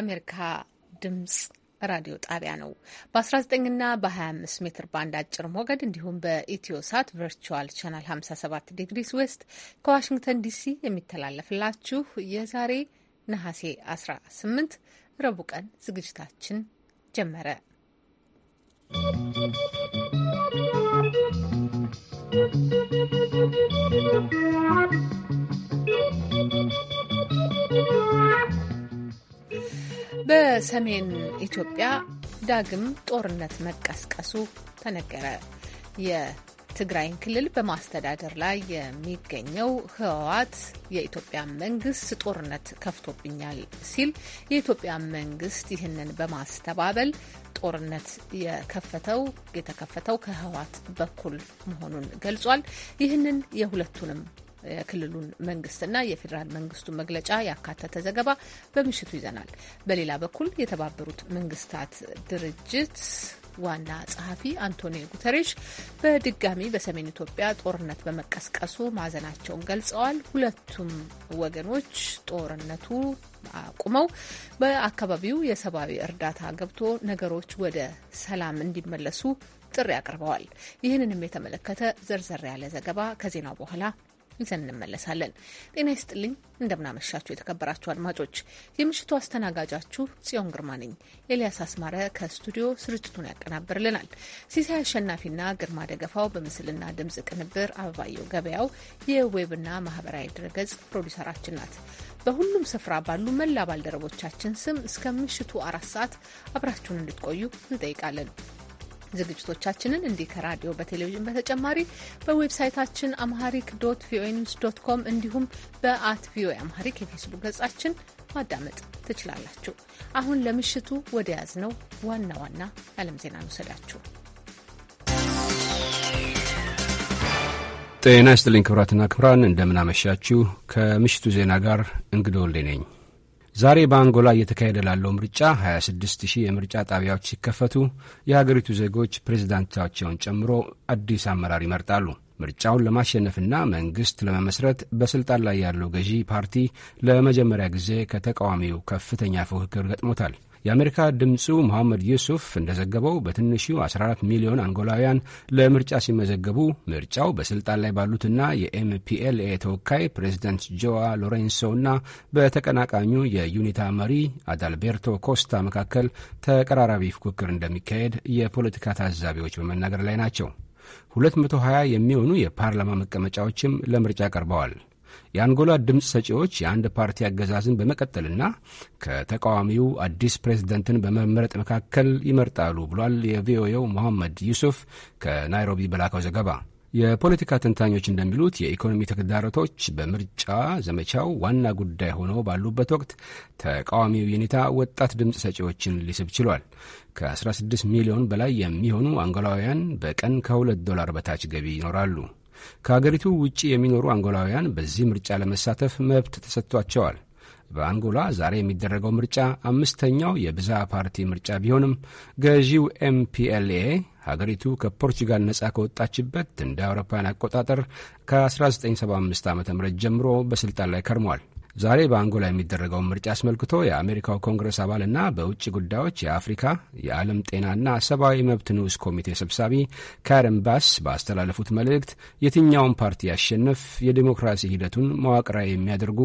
የአሜሪካ ድምጽ ራዲዮ ጣቢያ ነው። በ19 ና በ25 ሜትር ባንድ አጭር ሞገድ እንዲሁም በኢትዮ ሳት ቨርቹዋል ቻናል 57 ዲግሪስ ዌስት ከዋሽንግተን ዲሲ የሚተላለፍላችሁ የዛሬ ነሐሴ 18 ረቡዕ ቀን ዝግጅታችን ጀመረ። ¶¶ በሰሜን ኢትዮጵያ ዳግም ጦርነት መቀስቀሱ ተነገረ። የትግራይን ክልል በማስተዳደር ላይ የሚገኘው ህወሓት የኢትዮጵያ መንግስት ጦርነት ከፍቶብኛል ሲል የኢትዮጵያ መንግስት ይህንን በማስተባበል ጦርነት የከፈተው የተከፈተው ከህወሓት በኩል መሆኑን ገልጿል። ይህንን የሁለቱንም የክልሉን መንግስትና የፌዴራል መንግስቱን መግለጫ ያካተተ ዘገባ በምሽቱ ይዘናል። በሌላ በኩል የተባበሩት መንግስታት ድርጅት ዋና ጸሐፊ አንቶኒዮ ጉተሬሽ በድጋሚ በሰሜን ኢትዮጵያ ጦርነት በመቀስቀሱ ማዘናቸውን ገልጸዋል። ሁለቱም ወገኖች ጦርነቱ አቁመው በአካባቢው የሰብአዊ እርዳታ ገብቶ ነገሮች ወደ ሰላም እንዲመለሱ ጥሪ አቅርበዋል። ይህንንም የተመለከተ ዘርዘር ያለ ዘገባ ከዜናው በኋላ ይዘን እንመለሳለን። ጤና ይስጥልኝ፣ እንደምናመሻችሁ የተከበራችሁ አድማጮች፣ የምሽቱ አስተናጋጃችሁ ጽዮን ግርማ ነኝ። ኤልያስ አስማረ ከስቱዲዮ ስርጭቱን ያቀናብርልናል። ሲሳይ አሸናፊና ግርማ ደገፋው በምስልና ድምፅ ቅንብር፣ አበባየው ገበያው የዌብና ማህበራዊ ድረገጽ ፕሮዲሰራችን ናት። በሁሉም ስፍራ ባሉ መላ ባልደረቦቻችን ስም እስከ ምሽቱ አራት ሰዓት አብራችሁን እንድትቆዩ እንጠይቃለን። ዝግጅቶቻችንን እንዲህ ከራዲዮ በቴሌቪዥን በተጨማሪ በዌብሳይታችን አምሃሪክ ዶት ቪኦኤ ኒውስ ዶት ኮም እንዲሁም በአት ቪኦኤ አምሃሪክ የፌስቡክ ገጻችን ማዳመጥ ትችላላችሁ። አሁን ለምሽቱ ወደ ያዝ ነው ዋና ዋና የዓለም ዜና እንውሰዳችሁ። ጤና ይስጥልኝ ክብራትና ክብራን፣ እንደምናመሻችሁ። ከምሽቱ ዜና ጋር እንግዶ ወልዴ ነኝ። ዛሬ በአንጎላ እየተካሄደ ላለው ምርጫ 26 ሺህ የምርጫ ጣቢያዎች ሲከፈቱ የሀገሪቱ ዜጎች ፕሬዝዳንታቸውን ጨምሮ አዲስ አመራር ይመርጣሉ። ምርጫውን ለማሸነፍና መንግሥት ለመመስረት በስልጣን ላይ ያለው ገዢ ፓርቲ ለመጀመሪያ ጊዜ ከተቃዋሚው ከፍተኛ ፉክክር ገጥሞታል። የአሜሪካ ድምፁ መሐመድ ዩሱፍ እንደዘገበው በትንሹ 14 ሚሊዮን አንጎላውያን ለምርጫ ሲመዘገቡ ምርጫው በስልጣን ላይ ባሉትና የኤምፒኤልኤ ተወካይ ፕሬዚደንት ጆዋ ሎሬንሶ እና በተቀናቃኙ የዩኒታ መሪ አዳልቤርቶ ኮስታ መካከል ተቀራራቢ ፉክክር እንደሚካሄድ የፖለቲካ ታዛቢዎች በመናገር ላይ ናቸው። 220 የሚሆኑ የፓርላማ መቀመጫዎችም ለምርጫ ቀርበዋል። የአንጎላ ድምፅ ሰጪዎች የአንድ ፓርቲ አገዛዝን በመቀጠልና ከተቃዋሚው አዲስ ፕሬዝደንትን በመምረጥ መካከል ይመርጣሉ ብሏል የቪኦኤው መሐመድ ዩሱፍ ከናይሮቢ በላከው ዘገባ። የፖለቲካ ተንታኞች እንደሚሉት የኢኮኖሚ ተግዳሮቶች በምርጫ ዘመቻው ዋና ጉዳይ ሆነው ባሉበት ወቅት ተቃዋሚው ዩኒታ ወጣት ድምፅ ሰጪዎችን ሊስብ ችሏል። ከ16 ሚሊዮን በላይ የሚሆኑ አንጎላውያን በቀን ከ2 ዶላር በታች ገቢ ይኖራሉ። ከአገሪቱ ውጭ የሚኖሩ አንጎላውያን በዚህ ምርጫ ለመሳተፍ መብት ተሰጥቷቸዋል። በአንጎላ ዛሬ የሚደረገው ምርጫ አምስተኛው የብዛ ፓርቲ ምርጫ ቢሆንም ገዢው ኤምፒኤልኤ ሀገሪቱ ከፖርቹጋል ነጻ ከወጣችበት እንደ አውሮፓውያን አቆጣጠር ከ1975 ዓ ም ጀምሮ በስልጣን ላይ ከርሟል። ዛሬ በአንጎላ የሚደረገውን ምርጫ አስመልክቶ የአሜሪካው ኮንግረስ አባልና በውጭ ጉዳዮች የአፍሪካ የዓለም ጤናና ሰብአዊ መብት ንዑስ ኮሚቴ ሰብሳቢ ካረን ባስ ባስተላለፉት መልእክት የትኛውን ፓርቲ ያሸንፍ የዲሞክራሲ ሂደቱን መዋቅራዊ የሚያደርጉ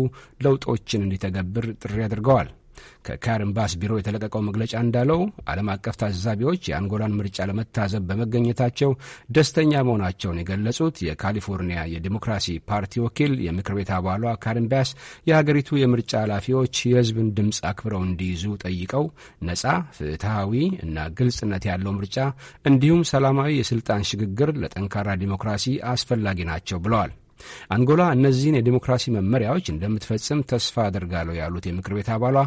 ለውጦችን እንዲተገብር ጥሪ አድርገዋል። ባስ ቢሮ የተለቀቀው መግለጫ እንዳለው ዓለም አቀፍ ታዛቢዎች የአንጎላን ምርጫ ለመታዘብ በመገኘታቸው ደስተኛ መሆናቸውን የገለጹት የካሊፎርኒያ የዲሞክራሲ ፓርቲ ወኪል የምክር ቤት አባሏ ባስ የሀገሪቱ የምርጫ ኃላፊዎች የሕዝብን ድምፅ አክብረው እንዲይዙ ጠይቀው ነጻ፣ ፍትሐዊ እና ግልጽነት ያለው ምርጫ እንዲሁም ሰላማዊ የስልጣን ሽግግር ለጠንካራ ዲሞክራሲ አስፈላጊ ናቸው ብለዋል። አንጎላ እነዚህን የዲሞክራሲ መመሪያዎች እንደምትፈጽም ተስፋ አደርጋለሁ ያሉት የምክር ቤት አባሏ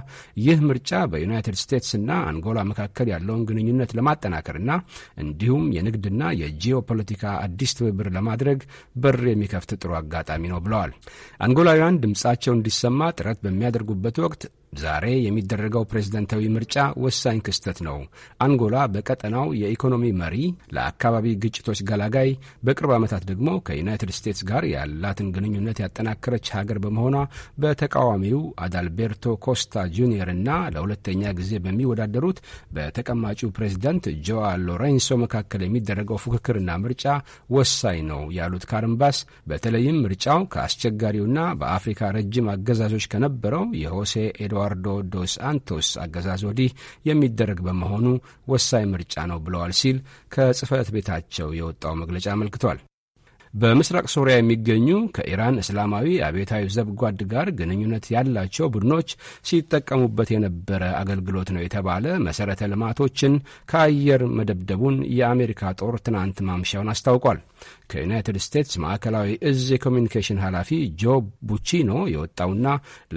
ይህ ምርጫ በዩናይትድ ስቴትስና አንጎላ መካከል ያለውን ግንኙነት ለማጠናከርና እንዲሁም የንግድና የጂኦፖለቲካ አዲስ ትብብር ለማድረግ በር የሚከፍት ጥሩ አጋጣሚ ነው ብለዋል። አንጎላውያን ድምጻቸው እንዲሰማ ጥረት በሚያደርጉበት ወቅት ዛሬ የሚደረገው ፕሬዝደንታዊ ምርጫ ወሳኝ ክስተት ነው። አንጎላ በቀጠናው የኢኮኖሚ መሪ፣ ለአካባቢ ግጭቶች ገላጋይ፣ በቅርብ ዓመታት ደግሞ ከዩናይትድ ስቴትስ ጋር ያላትን ግንኙነት ያጠናከረች ሀገር በመሆኗ በተቃዋሚው አዳልቤርቶ ኮስታ ጁኒየር እና ለሁለተኛ ጊዜ በሚወዳደሩት በተቀማጩ ፕሬዝደንት ጆዋ ሎሬንሶ መካከል የሚደረገው ፉክክርና ምርጫ ወሳኝ ነው ያሉት ካርምባስ በተለይም ምርጫው ከአስቸጋሪውና በአፍሪካ ረጅም አገዛዞች ከነበረው የሆሴ ከኤድዋርዶ ዶስ አንቶስ አገዛዝ ወዲህ የሚደረግ በመሆኑ ወሳኝ ምርጫ ነው ብለዋል ሲል ከጽህፈት ቤታቸው የወጣው መግለጫ አመልክቷል። በምስራቅ ሶሪያ የሚገኙ ከኢራን እስላማዊ አብዮታዊ ዘብጓድ ጋር ግንኙነት ያላቸው ቡድኖች ሲጠቀሙበት የነበረ አገልግሎት ነው የተባለ መሠረተ ልማቶችን ከአየር መደብደቡን የአሜሪካ ጦር ትናንት ማምሻውን አስታውቋል። ከዩናይትድ ስቴትስ ማዕከላዊ እዝ የኮሚኒኬሽን ኃላፊ ጆ ቡቺኖ የወጣውና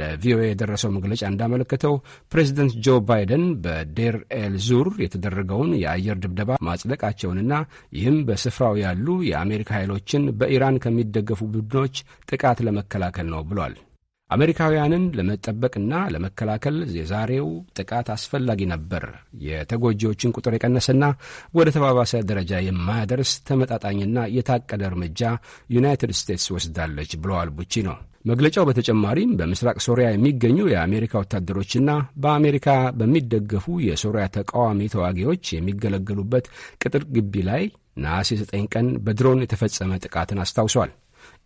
ለቪኦኤ የደረሰው መግለጫ እንዳመለከተው ፕሬዚደንት ጆ ባይደን በዴር ኤል ዙር የተደረገውን የአየር ድብደባ ማጽደቃቸውንና ይህም በስፍራው ያሉ የአሜሪካ ኃይሎችን በኢራን ከሚደገፉ ቡድኖች ጥቃት ለመከላከል ነው ብሏል። አሜሪካውያንን ለመጠበቅና ለመከላከል የዛሬው ጥቃት አስፈላጊ ነበር። የተጎጂዎችን ቁጥር የቀነሰና ወደ ተባባሰ ደረጃ የማያደርስ ተመጣጣኝና የታቀደ እርምጃ ዩናይትድ ስቴትስ ወስዳለች ብለዋል ቡቺ ነው። መግለጫው በተጨማሪም በምስራቅ ሶሪያ የሚገኙ የአሜሪካ ወታደሮችና በአሜሪካ በሚደገፉ የሶሪያ ተቃዋሚ ተዋጊዎች የሚገለገሉበት ቅጥር ግቢ ላይ ነሐሴ 9 ቀን በድሮን የተፈጸመ ጥቃትን አስታውሷል።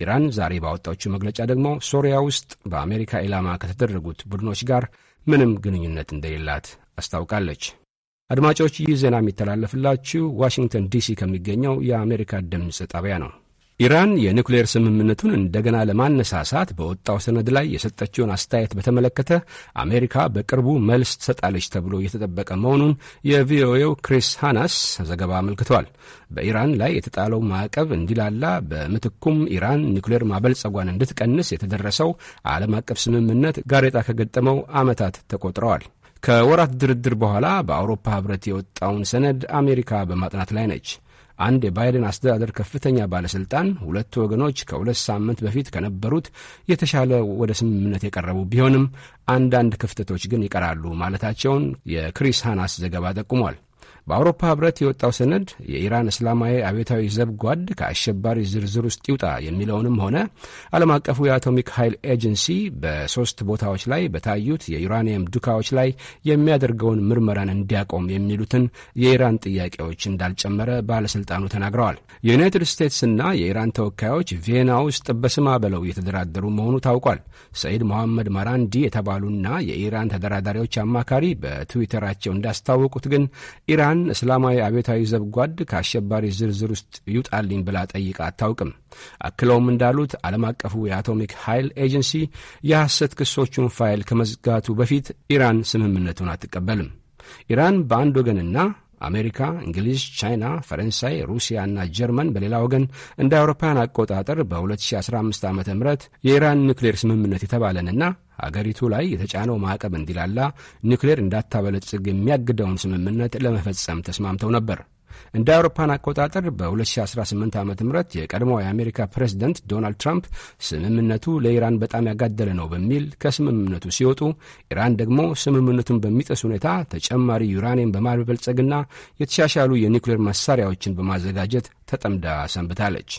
ኢራን ዛሬ ባወጣችው መግለጫ ደግሞ ሶሪያ ውስጥ በአሜሪካ ኢላማ ከተደረጉት ቡድኖች ጋር ምንም ግንኙነት እንደሌላት አስታውቃለች። አድማጮች ይህ ዜና የሚተላለፍላችሁ ዋሽንግተን ዲሲ ከሚገኘው የአሜሪካ ድምፅ ጣቢያ ነው። ኢራን የኒኩሌር ስምምነቱን እንደገና ለማነሳሳት በወጣው ሰነድ ላይ የሰጠችውን አስተያየት በተመለከተ አሜሪካ በቅርቡ መልስ ትሰጣለች ተብሎ እየተጠበቀ መሆኑን የቪኦኤው ክሪስ ሃናስ ዘገባ አመልክቷል። በኢራን ላይ የተጣለው ማዕቀብ እንዲላላ፣ በምትኩም ኢራን ኒኩሌር ማበልጸጓን እንድትቀንስ የተደረሰው ዓለም አቀፍ ስምምነት ጋሬጣ ከገጠመው ዓመታት ተቆጥረዋል። ከወራት ድርድር በኋላ በአውሮፓ ህብረት የወጣውን ሰነድ አሜሪካ በማጥናት ላይ ነች። አንድ የባይደን አስተዳደር ከፍተኛ ባለሥልጣን ሁለቱ ወገኖች ከሁለት ሳምንት በፊት ከነበሩት የተሻለ ወደ ስምምነት የቀረቡ ቢሆንም አንዳንድ ክፍተቶች ግን ይቀራሉ ማለታቸውን የክሪስ ሃናስ ዘገባ ጠቁሟል። በአውሮፓ ህብረት የወጣው ሰነድ የኢራን እስላማዊ አብዮታዊ ዘብ ጓድ ከአሸባሪ ዝርዝር ውስጥ ይውጣ የሚለውንም ሆነ ዓለም አቀፉ የአቶሚክ ኃይል ኤጀንሲ በሶስት ቦታዎች ላይ በታዩት የዩራኒየም ዱካዎች ላይ የሚያደርገውን ምርመራን እንዲያቆም የሚሉትን የኢራን ጥያቄዎች እንዳልጨመረ ባለሥልጣኑ ተናግረዋል። የዩናይትድ ስቴትስና የኢራን ተወካዮች ቪየና ውስጥ በስማ በለው እየተደራደሩ መሆኑ ታውቋል። ሰይድ መሐመድ ማራንዲ የተባሉና የኢራን ተደራዳሪዎች አማካሪ በትዊተራቸው እንዳስታወቁት ግን ኢራን ኢራን እስላማዊ አብዮታዊ ዘብጓድ ከአሸባሪ ዝርዝር ውስጥ ይውጣልኝ ብላ ጠይቃ አታውቅም። አክለውም እንዳሉት ዓለም አቀፉ የአቶሚክ ኃይል ኤጀንሲ የሐሰት ክሶቹን ፋይል ከመዝጋቱ በፊት ኢራን ስምምነቱን አትቀበልም። ኢራን በአንድ ወገንና አሜሪካ፣ እንግሊዝ፣ ቻይና፣ ፈረንሳይ፣ ሩሲያ እና ጀርመን በሌላ ወገን እንደ አውሮፓውያን አቆጣጠር በ2015 ዓ ም የኢራን ኒክሌር ስምምነት የተባለንና አገሪቱ ላይ የተጫነው ማዕቀብ እንዲላላ ኒክሌር እንዳታበለጽግ የሚያግደውን ስምምነት ለመፈጸም ተስማምተው ነበር። እንደ አውሮፓን አቆጣጠር በ2018 ዓ ም የቀድሞ የአሜሪካ ፕሬዝደንት ዶናልድ ትራምፕ ስምምነቱ ለኢራን በጣም ያጋደለ ነው በሚል ከስምምነቱ ሲወጡ፣ ኢራን ደግሞ ስምምነቱን በሚጥስ ሁኔታ ተጨማሪ ዩራኒየም በማበልጸግና የተሻሻሉ የኒውክሌር መሳሪያዎችን በማዘጋጀት ተጠምዳ ሰንብታለች።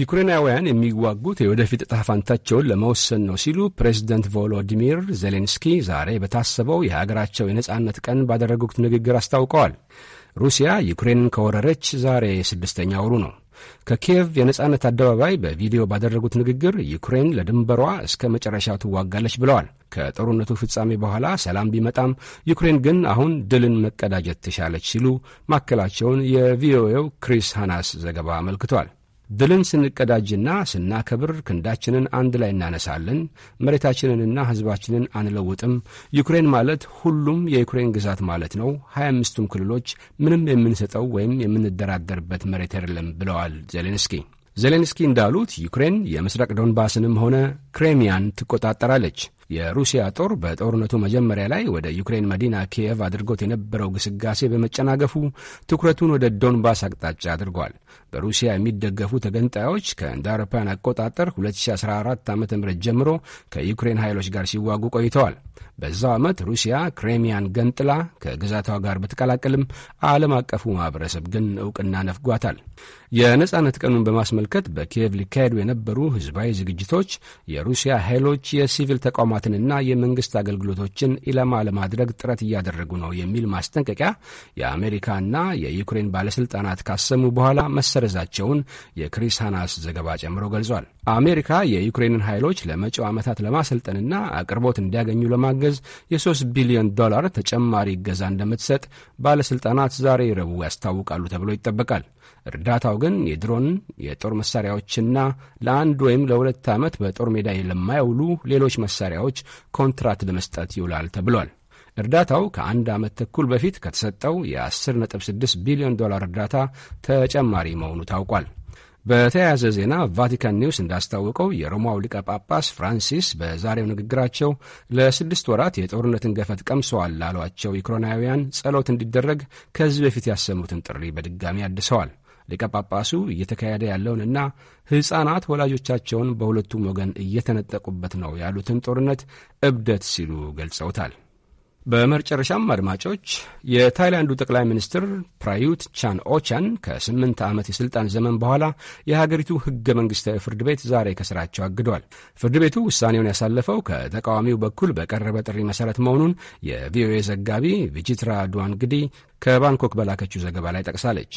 ዩክሬናውያን የሚዋጉት የወደፊት ጣፋንታቸውን ፈንታቸውን ለመወሰን ነው ሲሉ ፕሬዚደንት ቮሎዲሚር ዜሌንስኪ ዛሬ በታሰበው የሀገራቸው የነጻነት ቀን ባደረጉት ንግግር አስታውቀዋል። ሩሲያ ዩክሬንን ከወረረች ዛሬ ስድስተኛ ወሩ ነው። ከኪየቭ የነጻነት አደባባይ በቪዲዮ ባደረጉት ንግግር ዩክሬን ለድንበሯ እስከ መጨረሻ ትዋጋለች ብለዋል። ከጦርነቱ ፍጻሜ በኋላ ሰላም ቢመጣም ዩክሬን ግን አሁን ድልን መቀዳጀት ትሻለች ሲሉ ማከላቸውን የቪኦኤው ክሪስ ሃናስ ዘገባ አመልክቷል። ድልን ስንቀዳጅና ስናከብር ክንዳችንን አንድ ላይ እናነሳለን። መሬታችንንና ሕዝባችንን አንለውጥም። ዩክሬን ማለት ሁሉም የዩክሬን ግዛት ማለት ነው። ሀያ አምስቱም ክልሎች ምንም የምንሰጠው ወይም የምንደራደርበት መሬት አይደለም ብለዋል ዜሌንስኪ። ዜሌንስኪ እንዳሉት ዩክሬን የምስራቅ ዶንባስንም ሆነ ክሬሚያን ትቆጣጠራለች። የሩሲያ ጦር በጦርነቱ መጀመሪያ ላይ ወደ ዩክሬን መዲና ኪየቭ አድርጎት የነበረው ግስጋሴ በመጨናገፉ ትኩረቱን ወደ ዶንባስ አቅጣጫ አድርጓል። በሩሲያ የሚደገፉ ተገንጣዮች ከእንደ አውሮፓውያን አቆጣጠር 2014 ዓ ም ጀምሮ ከዩክሬን ኃይሎች ጋር ሲዋጉ ቆይተዋል። በዛው ዓመት ሩሲያ ክሬሚያን ገንጥላ ከግዛቷ ጋር ብትቀላቀልም ዓለም አቀፉ ማህበረሰብ ግን እውቅና ነፍጓታል። የነጻነት ቀኑን በማስመልከት በኪየቭ ሊካሄዱ የነበሩ ህዝባዊ ዝግጅቶች የሩሲያ ኃይሎች የሲቪል ተቋማት ተቋማትንና የመንግስት አገልግሎቶችን ኢላማ ለማድረግ ጥረት እያደረጉ ነው የሚል ማስጠንቀቂያ የአሜሪካና የዩክሬን ባለስልጣናት ካሰሙ በኋላ መሰረዛቸውን የክሪስ ሃናስ ዘገባ ጨምሮ ገልጿል። አሜሪካ የዩክሬንን ኃይሎች ለመጪው ዓመታት ለማሰልጠንና አቅርቦት እንዲያገኙ ለማገዝ የ3 ቢሊዮን ዶላር ተጨማሪ እገዛ እንደምትሰጥ ባለስልጣናት ዛሬ ረቡዕ ያስታውቃሉ ተብሎ ይጠበቃል። እርዳታው ግን የድሮን የጦር መሳሪያዎችና ለአንድ ወይም ለሁለት ዓመት በጦር ሜዳ ለማይውሉ ሌሎች መሳሪያዎች ኮንትራት ለመስጠት ይውላል ተብሏል። እርዳታው ከአንድ ዓመት ተኩል በፊት ከተሰጠው የ10.6 ቢሊዮን ዶላር እርዳታ ተጨማሪ መሆኑ ታውቋል። በተያያዘ ዜና ቫቲካን ኒውስ እንዳስታወቀው የሮማው ሊቀ ጳጳስ ፍራንሲስ በዛሬው ንግግራቸው ለስድስት ወራት የጦርነትን ገፈት ቀምሰዋል ላሏቸው ዩክሬናውያን ጸሎት እንዲደረግ ከዚህ በፊት ያሰሙትን ጥሪ በድጋሚ አድሰዋል። ሊቀ ጳጳሱ እየተካሄደ ያለውንና ሕፃናት ወላጆቻቸውን በሁለቱም ወገን እየተነጠቁበት ነው ያሉትን ጦርነት እብደት ሲሉ ገልጸውታል። በመጨረሻም አድማጮች የታይላንዱ ጠቅላይ ሚኒስትር ፕራዩት ቻን ኦቻን ከስምንት ዓመት የሥልጣን ዘመን በኋላ የሀገሪቱ ሕገ መንግሥታዊ ፍርድ ቤት ዛሬ ከሥራቸው አግዷል። ፍርድ ቤቱ ውሳኔውን ያሳለፈው ከተቃዋሚው በኩል በቀረበ ጥሪ መሠረት መሆኑን የቪኦኤ ዘጋቢ ቪጂትራ ዱዋንግዲ ከባንኮክ በላከችው ዘገባ ላይ ጠቅሳለች።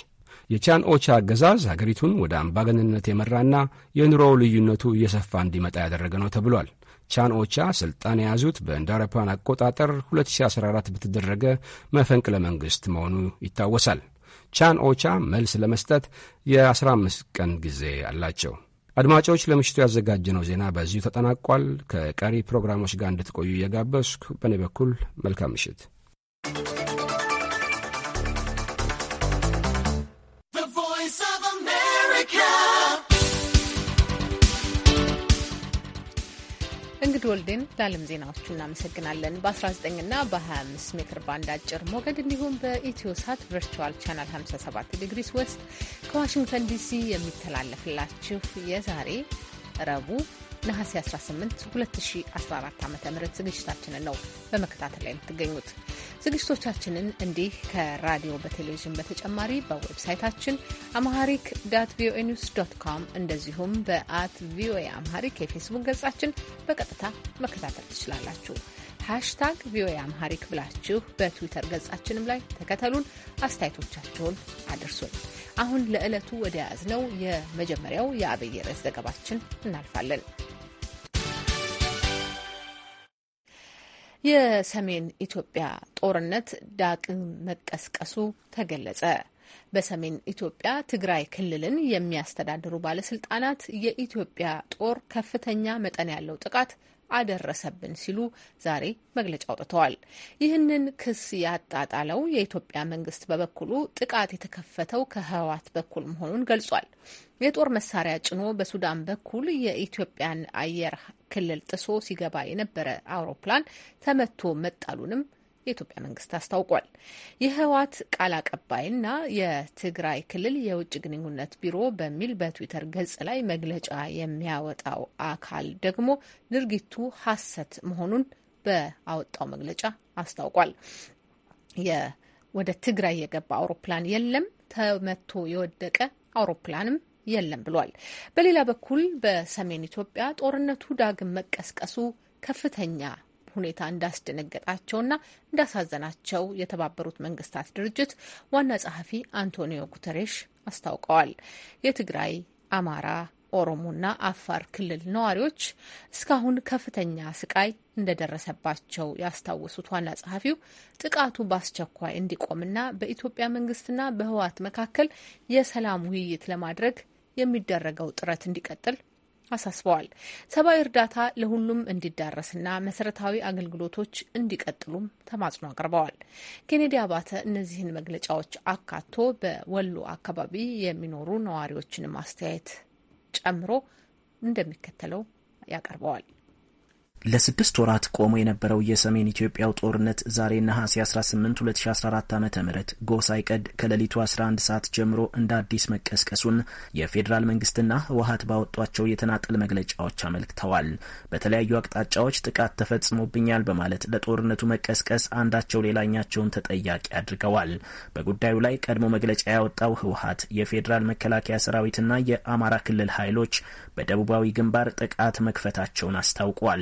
የቻን ኦቻ አገዛዝ ሀገሪቱን ወደ አምባገነንነት የመራና የኑሮው ልዩነቱ እየሰፋ እንዲመጣ ያደረገ ነው ተብሏል። ቻን ኦቻ ስልጣን የያዙት በእንደ አውሮፓውያን አቆጣጠር 2014 በተደረገ መፈንቅለ መንግሥት መሆኑ ይታወሳል። ቻን ኦቻ መልስ ለመስጠት የ15 ቀን ጊዜ አላቸው። አድማጮች፣ ለምሽቱ ያዘጋጀነው ዜና በዚሁ ተጠናቋል። ከቀሪ ፕሮግራሞች ጋር እንድትቆዩ እየጋበዝኩ በእኔ በኩል መልካም ምሽት። እንግዲህ ወልዴን ለዓለም ዜናዎቹ እናመሰግናለን። በ19 እና በ25 ሜትር ባንድ አጭር ሞገድ እንዲሁም በኢትዮ ሳት ቨርቹዋል ቻናል 57 ዲግሪስ ዌስት ከዋሽንግተን ዲሲ የሚተላለፍላችሁ የዛሬ ረቡዕ ነሐሴ 18 2014 ዓ ም ዝግጅታችንን ነው በመከታተል ላይ የምትገኙት። ዝግጅቶቻችንን እንዲህ ከራዲዮ በቴሌቪዥን በተጨማሪ በዌብሳይታችን አምሃሪክ ዳት ቪኦኤ ኒውስ ዶት ኮም እንደዚሁም በአት ቪኦኤ አምሃሪክ የፌስቡክ ገጻችን በቀጥታ መከታተል ትችላላችሁ። ሃሽታግ ቪኦኤ አምሃሪክ ብላችሁ በትዊተር ገጻችንም ላይ ተከተሉን። አስተያየቶቻችሁን አድርሱን። አሁን ለዕለቱ ወደ ያዝነው የመጀመሪያው የአብይ ርዕስ ዘገባችን እናልፋለን። የሰሜን ኢትዮጵያ ጦርነት ዳግም መቀስቀሱ ተገለጸ። በሰሜን ኢትዮጵያ ትግራይ ክልልን የሚያስተዳድሩ ባለስልጣናት የኢትዮጵያ ጦር ከፍተኛ መጠን ያለው ጥቃት አደረሰብን ሲሉ ዛሬ መግለጫ አውጥተዋል። ይህንን ክስ ያጣጣለው የኢትዮጵያ መንግስት በበኩሉ ጥቃት የተከፈተው ከህወሓት በኩል መሆኑን ገልጿል። የጦር መሳሪያ ጭኖ በሱዳን በኩል የኢትዮጵያን አየር ክልል ጥሶ ሲገባ የነበረ አውሮፕላን ተመቶ መጣሉንም የኢትዮጵያ መንግስት አስታውቋል። የህወሓት ቃል አቀባይና የትግራይ ክልል የውጭ ግንኙነት ቢሮ በሚል በትዊተር ገጽ ላይ መግለጫ የሚያወጣው አካል ደግሞ ድርጊቱ ሐሰት መሆኑን በአወጣው መግለጫ አስታውቋል። ወደ ትግራይ የገባ አውሮፕላን የለም፣ ተመቶ የወደቀ አውሮፕላንም የለም ብሏል። በሌላ በኩል በሰሜን ኢትዮጵያ ጦርነቱ ዳግም መቀስቀሱ ከፍተኛ ሁኔታ እንዳስደነገጣቸውና እንዳሳዘናቸው የተባበሩት መንግስታት ድርጅት ዋና ጸሐፊ አንቶኒዮ ጉተሬሽ አስታውቀዋል። የትግራይ፣ አማራ፣ ኦሮሞና አፋር ክልል ነዋሪዎች እስካሁን ከፍተኛ ስቃይ እንደደረሰባቸው ያስታወሱት ዋና ጸሐፊው ጥቃቱ በአስቸኳይ እንዲቆምና በኢትዮጵያ መንግስትና በህወሓት መካከል የሰላም ውይይት ለማድረግ የሚደረገው ጥረት እንዲቀጥል አሳስበዋል። ሰብአዊ እርዳታ ለሁሉም እንዲዳረስና መሰረታዊ አገልግሎቶች እንዲቀጥሉም ተማጽኖ አቅርበዋል። ኬኔዲ አባተ እነዚህን መግለጫዎች አካቶ በወሎ አካባቢ የሚኖሩ ነዋሪዎችን ማስተያየት ጨምሮ እንደሚከተለው ያቀርበዋል። ለስድስት ወራት ቆሞ የነበረው የሰሜን ኢትዮጵያው ጦርነት ዛሬ ነሐሴ 18 2014 ዓ ም ጎሳይ ሳይቀድ ከሌሊቱ 11 ሰዓት ጀምሮ እንደ አዲስ መቀስቀሱን የፌዴራል መንግስትና ህወሀት ባወጧቸው የተናጠል መግለጫዎች አመልክተዋል። በተለያዩ አቅጣጫዎች ጥቃት ተፈጽሞብኛል በማለት ለጦርነቱ መቀስቀስ አንዳቸው ሌላኛቸውን ተጠያቂ አድርገዋል። በጉዳዩ ላይ ቀድሞ መግለጫ ያወጣው ህወሀት የፌዴራል መከላከያ ሰራዊትና የአማራ ክልል ኃይሎች በደቡባዊ ግንባር ጥቃት መክፈታቸውን አስታውቋል።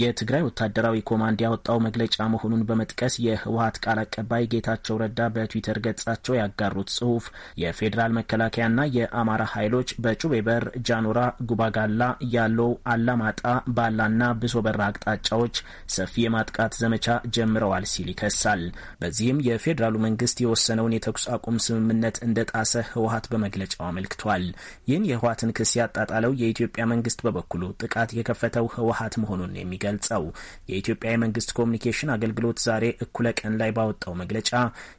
የትግራይ ወታደራዊ ኮማንድ ያወጣው መግለጫ መሆኑን በመጥቀስ የህወሀት ቃል አቀባይ ጌታቸው ረዳ በትዊተር ገጻቸው ያጋሩት ጽሁፍ የፌዴራል መከላከያና የአማራ ኃይሎች በጩቤ በር፣ ጃኖራ፣ ጉባጋላ፣ ያለው፣ አላማጣ፣ ባላና ብሶ በራ አቅጣጫዎች ሰፊ የማጥቃት ዘመቻ ጀምረዋል ሲል ይከሳል። በዚህም የፌዴራሉ መንግስት የወሰነውን የተኩስ አቁም ስምምነት እንደጣሰ ህወሀት በመግለጫው አመልክቷል። ይህን የህወሀትን ክስ ያጣጣለው የኢትዮጵያ መንግስት በበኩሉ ጥቃት የከፈተው ህወሀት መሆኑን የሚ የሚገልጸው። የኢትዮጵያ የመንግስት ኮሚኒኬሽን አገልግሎት ዛሬ እኩለ ቀን ላይ ባወጣው መግለጫ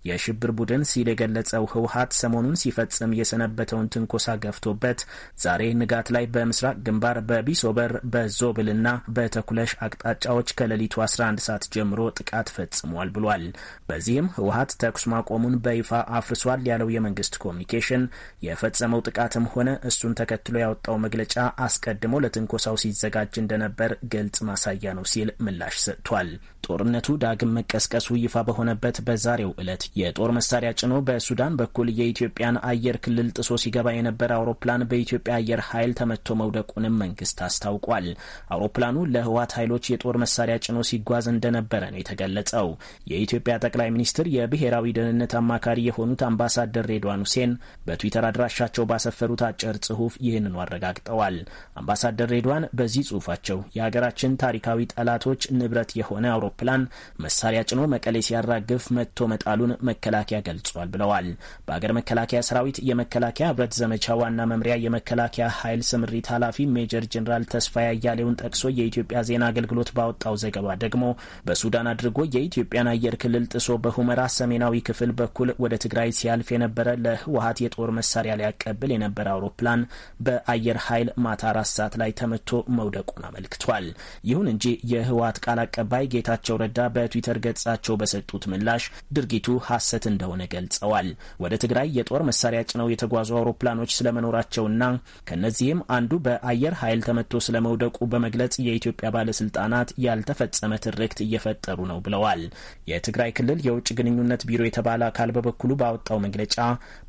የሽብር ቡድን ሲል የገለጸው ህውሀት ሰሞኑን ሲፈጽም የሰነበተውን ትንኮሳ ገፍቶበት ዛሬ ንጋት ላይ በምስራቅ ግንባር በቢሶበር በዞብልና በተኩለሽ አቅጣጫዎች ከሌሊቱ 11 ሰዓት ጀምሮ ጥቃት ፈጽሟል ብሏል። በዚህም ህወሀት ተኩስ ማቆሙን በይፋ አፍርሷል ያለው የመንግስት ኮሚኒኬሽን የፈጸመው ጥቃትም ሆነ እሱን ተከትሎ ያወጣው መግለጫ አስቀድሞ ለትንኮሳው ሲዘጋጅ እንደነበር ግልጽ ማሳ ያሳያ ነው ሲል ምላሽ ሰጥቷል። ጦርነቱ ዳግም መቀስቀሱ ይፋ በሆነበት በዛሬው ዕለት የጦር መሳሪያ ጭኖ በሱዳን በኩል የኢትዮጵያን አየር ክልል ጥሶ ሲገባ የነበረ አውሮፕላን በኢትዮጵያ አየር ኃይል ተመቶ መውደቁንም መንግስት አስታውቋል። አውሮፕላኑ ለህወሓት ኃይሎች የጦር መሳሪያ ጭኖ ሲጓዝ እንደነበረ ነው የተገለጸው። የኢትዮጵያ ጠቅላይ ሚኒስትር የብሔራዊ ደህንነት አማካሪ የሆኑት አምባሳደር ሬድዋን ሁሴን በትዊተር አድራሻቸው ባሰፈሩት አጭር ጽሁፍ ይህንኑ አረጋግጠዋል። አምባሳደር ሬድዋን በዚህ ጽሁፋቸው የሀገራችን ታሪካዊ ጠላቶች ንብረት የሆነ አውሮ አውሮፕላን መሳሪያ ጭኖ መቀሌ ሲያራግፍ መጥቶ መጣሉን መከላከያ ገልጿል ብለዋል። በአገር መከላከያ ሰራዊት የመከላከያ ህብረት ዘመቻ ዋና መምሪያ የመከላከያ ኃይል ስምሪት ኃላፊ ሜጀር ጀኔራል ተስፋዬ አያሌውን ጠቅሶ የኢትዮጵያ ዜና አገልግሎት ባወጣው ዘገባ ደግሞ በሱዳን አድርጎ የኢትዮጵያን አየር ክልል ጥሶ በሁመራ ሰሜናዊ ክፍል በኩል ወደ ትግራይ ሲያልፍ የነበረ ለህወሀት የጦር መሳሪያ ሊያቀብል የነበረ አውሮፕላን በአየር ኃይል ማታ አራት ሰዓት ላይ ተመቶ መውደቁን አመልክቷል። ይሁን እንጂ የህወሀት ቃል አቀባይ ጌታ ጌታቸው ረዳ በትዊተር ገጻቸው በሰጡት ምላሽ ድርጊቱ ሐሰት እንደሆነ ገልጸዋል። ወደ ትግራይ የጦር መሳሪያ ጭነው የተጓዙ አውሮፕላኖች ስለመኖራቸውና ከእነዚህም አንዱ በአየር ኃይል ተመቶ ስለመውደቁ በመግለጽ የኢትዮጵያ ባለስልጣናት ያልተፈጸመ ትርክት እየፈጠሩ ነው ብለዋል። የትግራይ ክልል የውጭ ግንኙነት ቢሮ የተባለ አካል በበኩሉ ባወጣው መግለጫ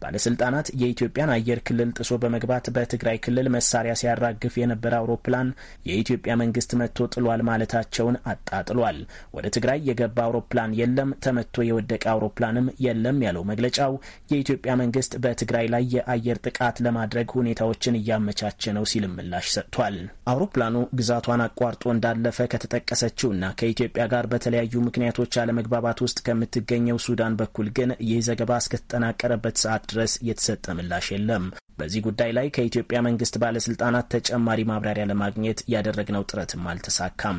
ባለስልጣናት የኢትዮጵያን አየር ክልል ጥሶ በመግባት በትግራይ ክልል መሳሪያ ሲያራግፍ የነበረ አውሮፕላን የኢትዮጵያ መንግስት መጥቶ ጥሏል ማለታቸውን አጣጥሏል። ወደ ትግራይ የገባ አውሮፕላን የለም፣ ተመቶ የወደቀ አውሮፕላንም የለም ያለው መግለጫው የኢትዮጵያ መንግስት በትግራይ ላይ የአየር ጥቃት ለማድረግ ሁኔታዎችን እያመቻቸ ነው ሲል ምላሽ ሰጥቷል። አውሮፕላኑ ግዛቷን አቋርጦ እንዳለፈ ከተጠቀሰችውና ከኢትዮጵያ ጋር በተለያዩ ምክንያቶች አለመግባባት ውስጥ ከምትገኘው ሱዳን በኩል ግን ይህ ዘገባ እስከተጠናቀረበት ሰዓት ድረስ የተሰጠ ምላሽ የለም። በዚህ ጉዳይ ላይ ከኢትዮጵያ መንግስት ባለስልጣናት ተጨማሪ ማብራሪያ ለማግኘት ያደረግነው ጥረትም አልተሳካም።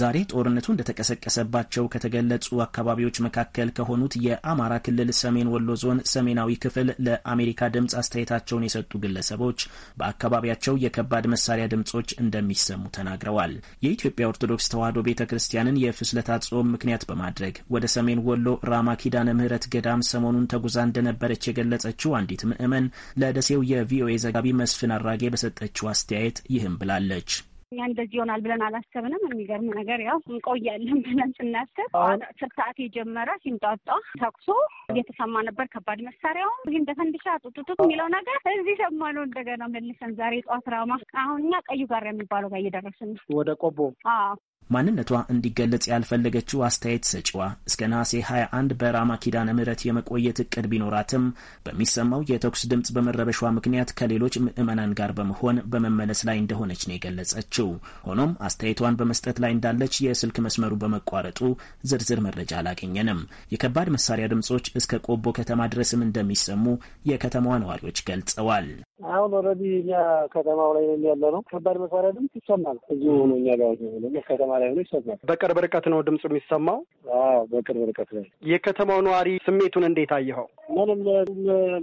ዛሬ ጦርነቱ እንደተቀሰቀሰባቸው ከተገለጹ አካባቢዎች መካከል ከሆኑት የአማራ ክልል ሰሜን ወሎ ዞን ሰሜናዊ ክፍል ለአሜሪካ ድምፅ አስተያየታቸውን የሰጡ ግለሰቦች በአካባቢያቸው የከባድ መሳሪያ ድምጾች እንደሚሰሙ ተናግረዋል። የኢትዮጵያ ኦርቶዶክስ ተዋሕዶ ቤተ ክርስቲያንን የፍስለታ ጾም ምክንያት በማድረግ ወደ ሰሜን ወሎ ራማ ኪዳነ ገዳም ሰሞኑን ተጉዛ እንደነበረች የገለጸችው አንዲት ምዕመን ለደሴው የ የቪኦኤ ዘጋቢ መስፍን አራጌ በሰጠችው አስተያየት ይህም ብላለች። እኛ እንደዚህ ይሆናል ብለን አላሰብንም። የሚገርም ነገር ያው እንቆያለን ብለን ስናስብ አስር ሰዓት የጀመረ ሲምጧጧ ተኩሶ እየተሰማ ነበር። ከባድ መሳሪያውም ይህ እንደ ፈንድሻ ጡጡጡት የሚለው ነገር እዚህ ሰማ ነው። እንደገና መልሰን ዛሬ ጠዋት ራማ አሁን እኛ ቀዩ ጋር የሚባለው ጋር እየደረስን ወደ ቆቦ ማንነቷ እንዲገለጽ ያልፈለገችው አስተያየት ሰጪዋ እስከ ነሐሴ 21 በራማ ኪዳነ ምረት የመቆየት እቅድ ቢኖራትም በሚሰማው የተኩስ ድምፅ በመረበሿ ምክንያት ከሌሎች ምዕመናን ጋር በመሆን በመመለስ ላይ እንደሆነች ነው የገለጸችው። ሆኖም አስተያየቷን በመስጠት ላይ እንዳለች የስልክ መስመሩ በመቋረጡ ዝርዝር መረጃ አላገኘንም። የከባድ መሳሪያ ድምጾች እስከ ቆቦ ከተማ ድረስም እንደሚሰሙ የከተማዋ ነዋሪዎች ገልጸዋል። አሁን ኦልሬዲ እኛ ከተማው ላይ ያለ ነው። ከባድ መሳሪያ ድምፅ ይሰማል። እዚሁ ሆኖ እኛ ከተማ ማለት ነው። ይሰማል። በቅርብ ርቀት ነው ድምፁ የሚሰማው። በቅርብ ርቀት ነው። የከተማው ነዋሪ ስሜቱን እንዴት አየኸው? ምንም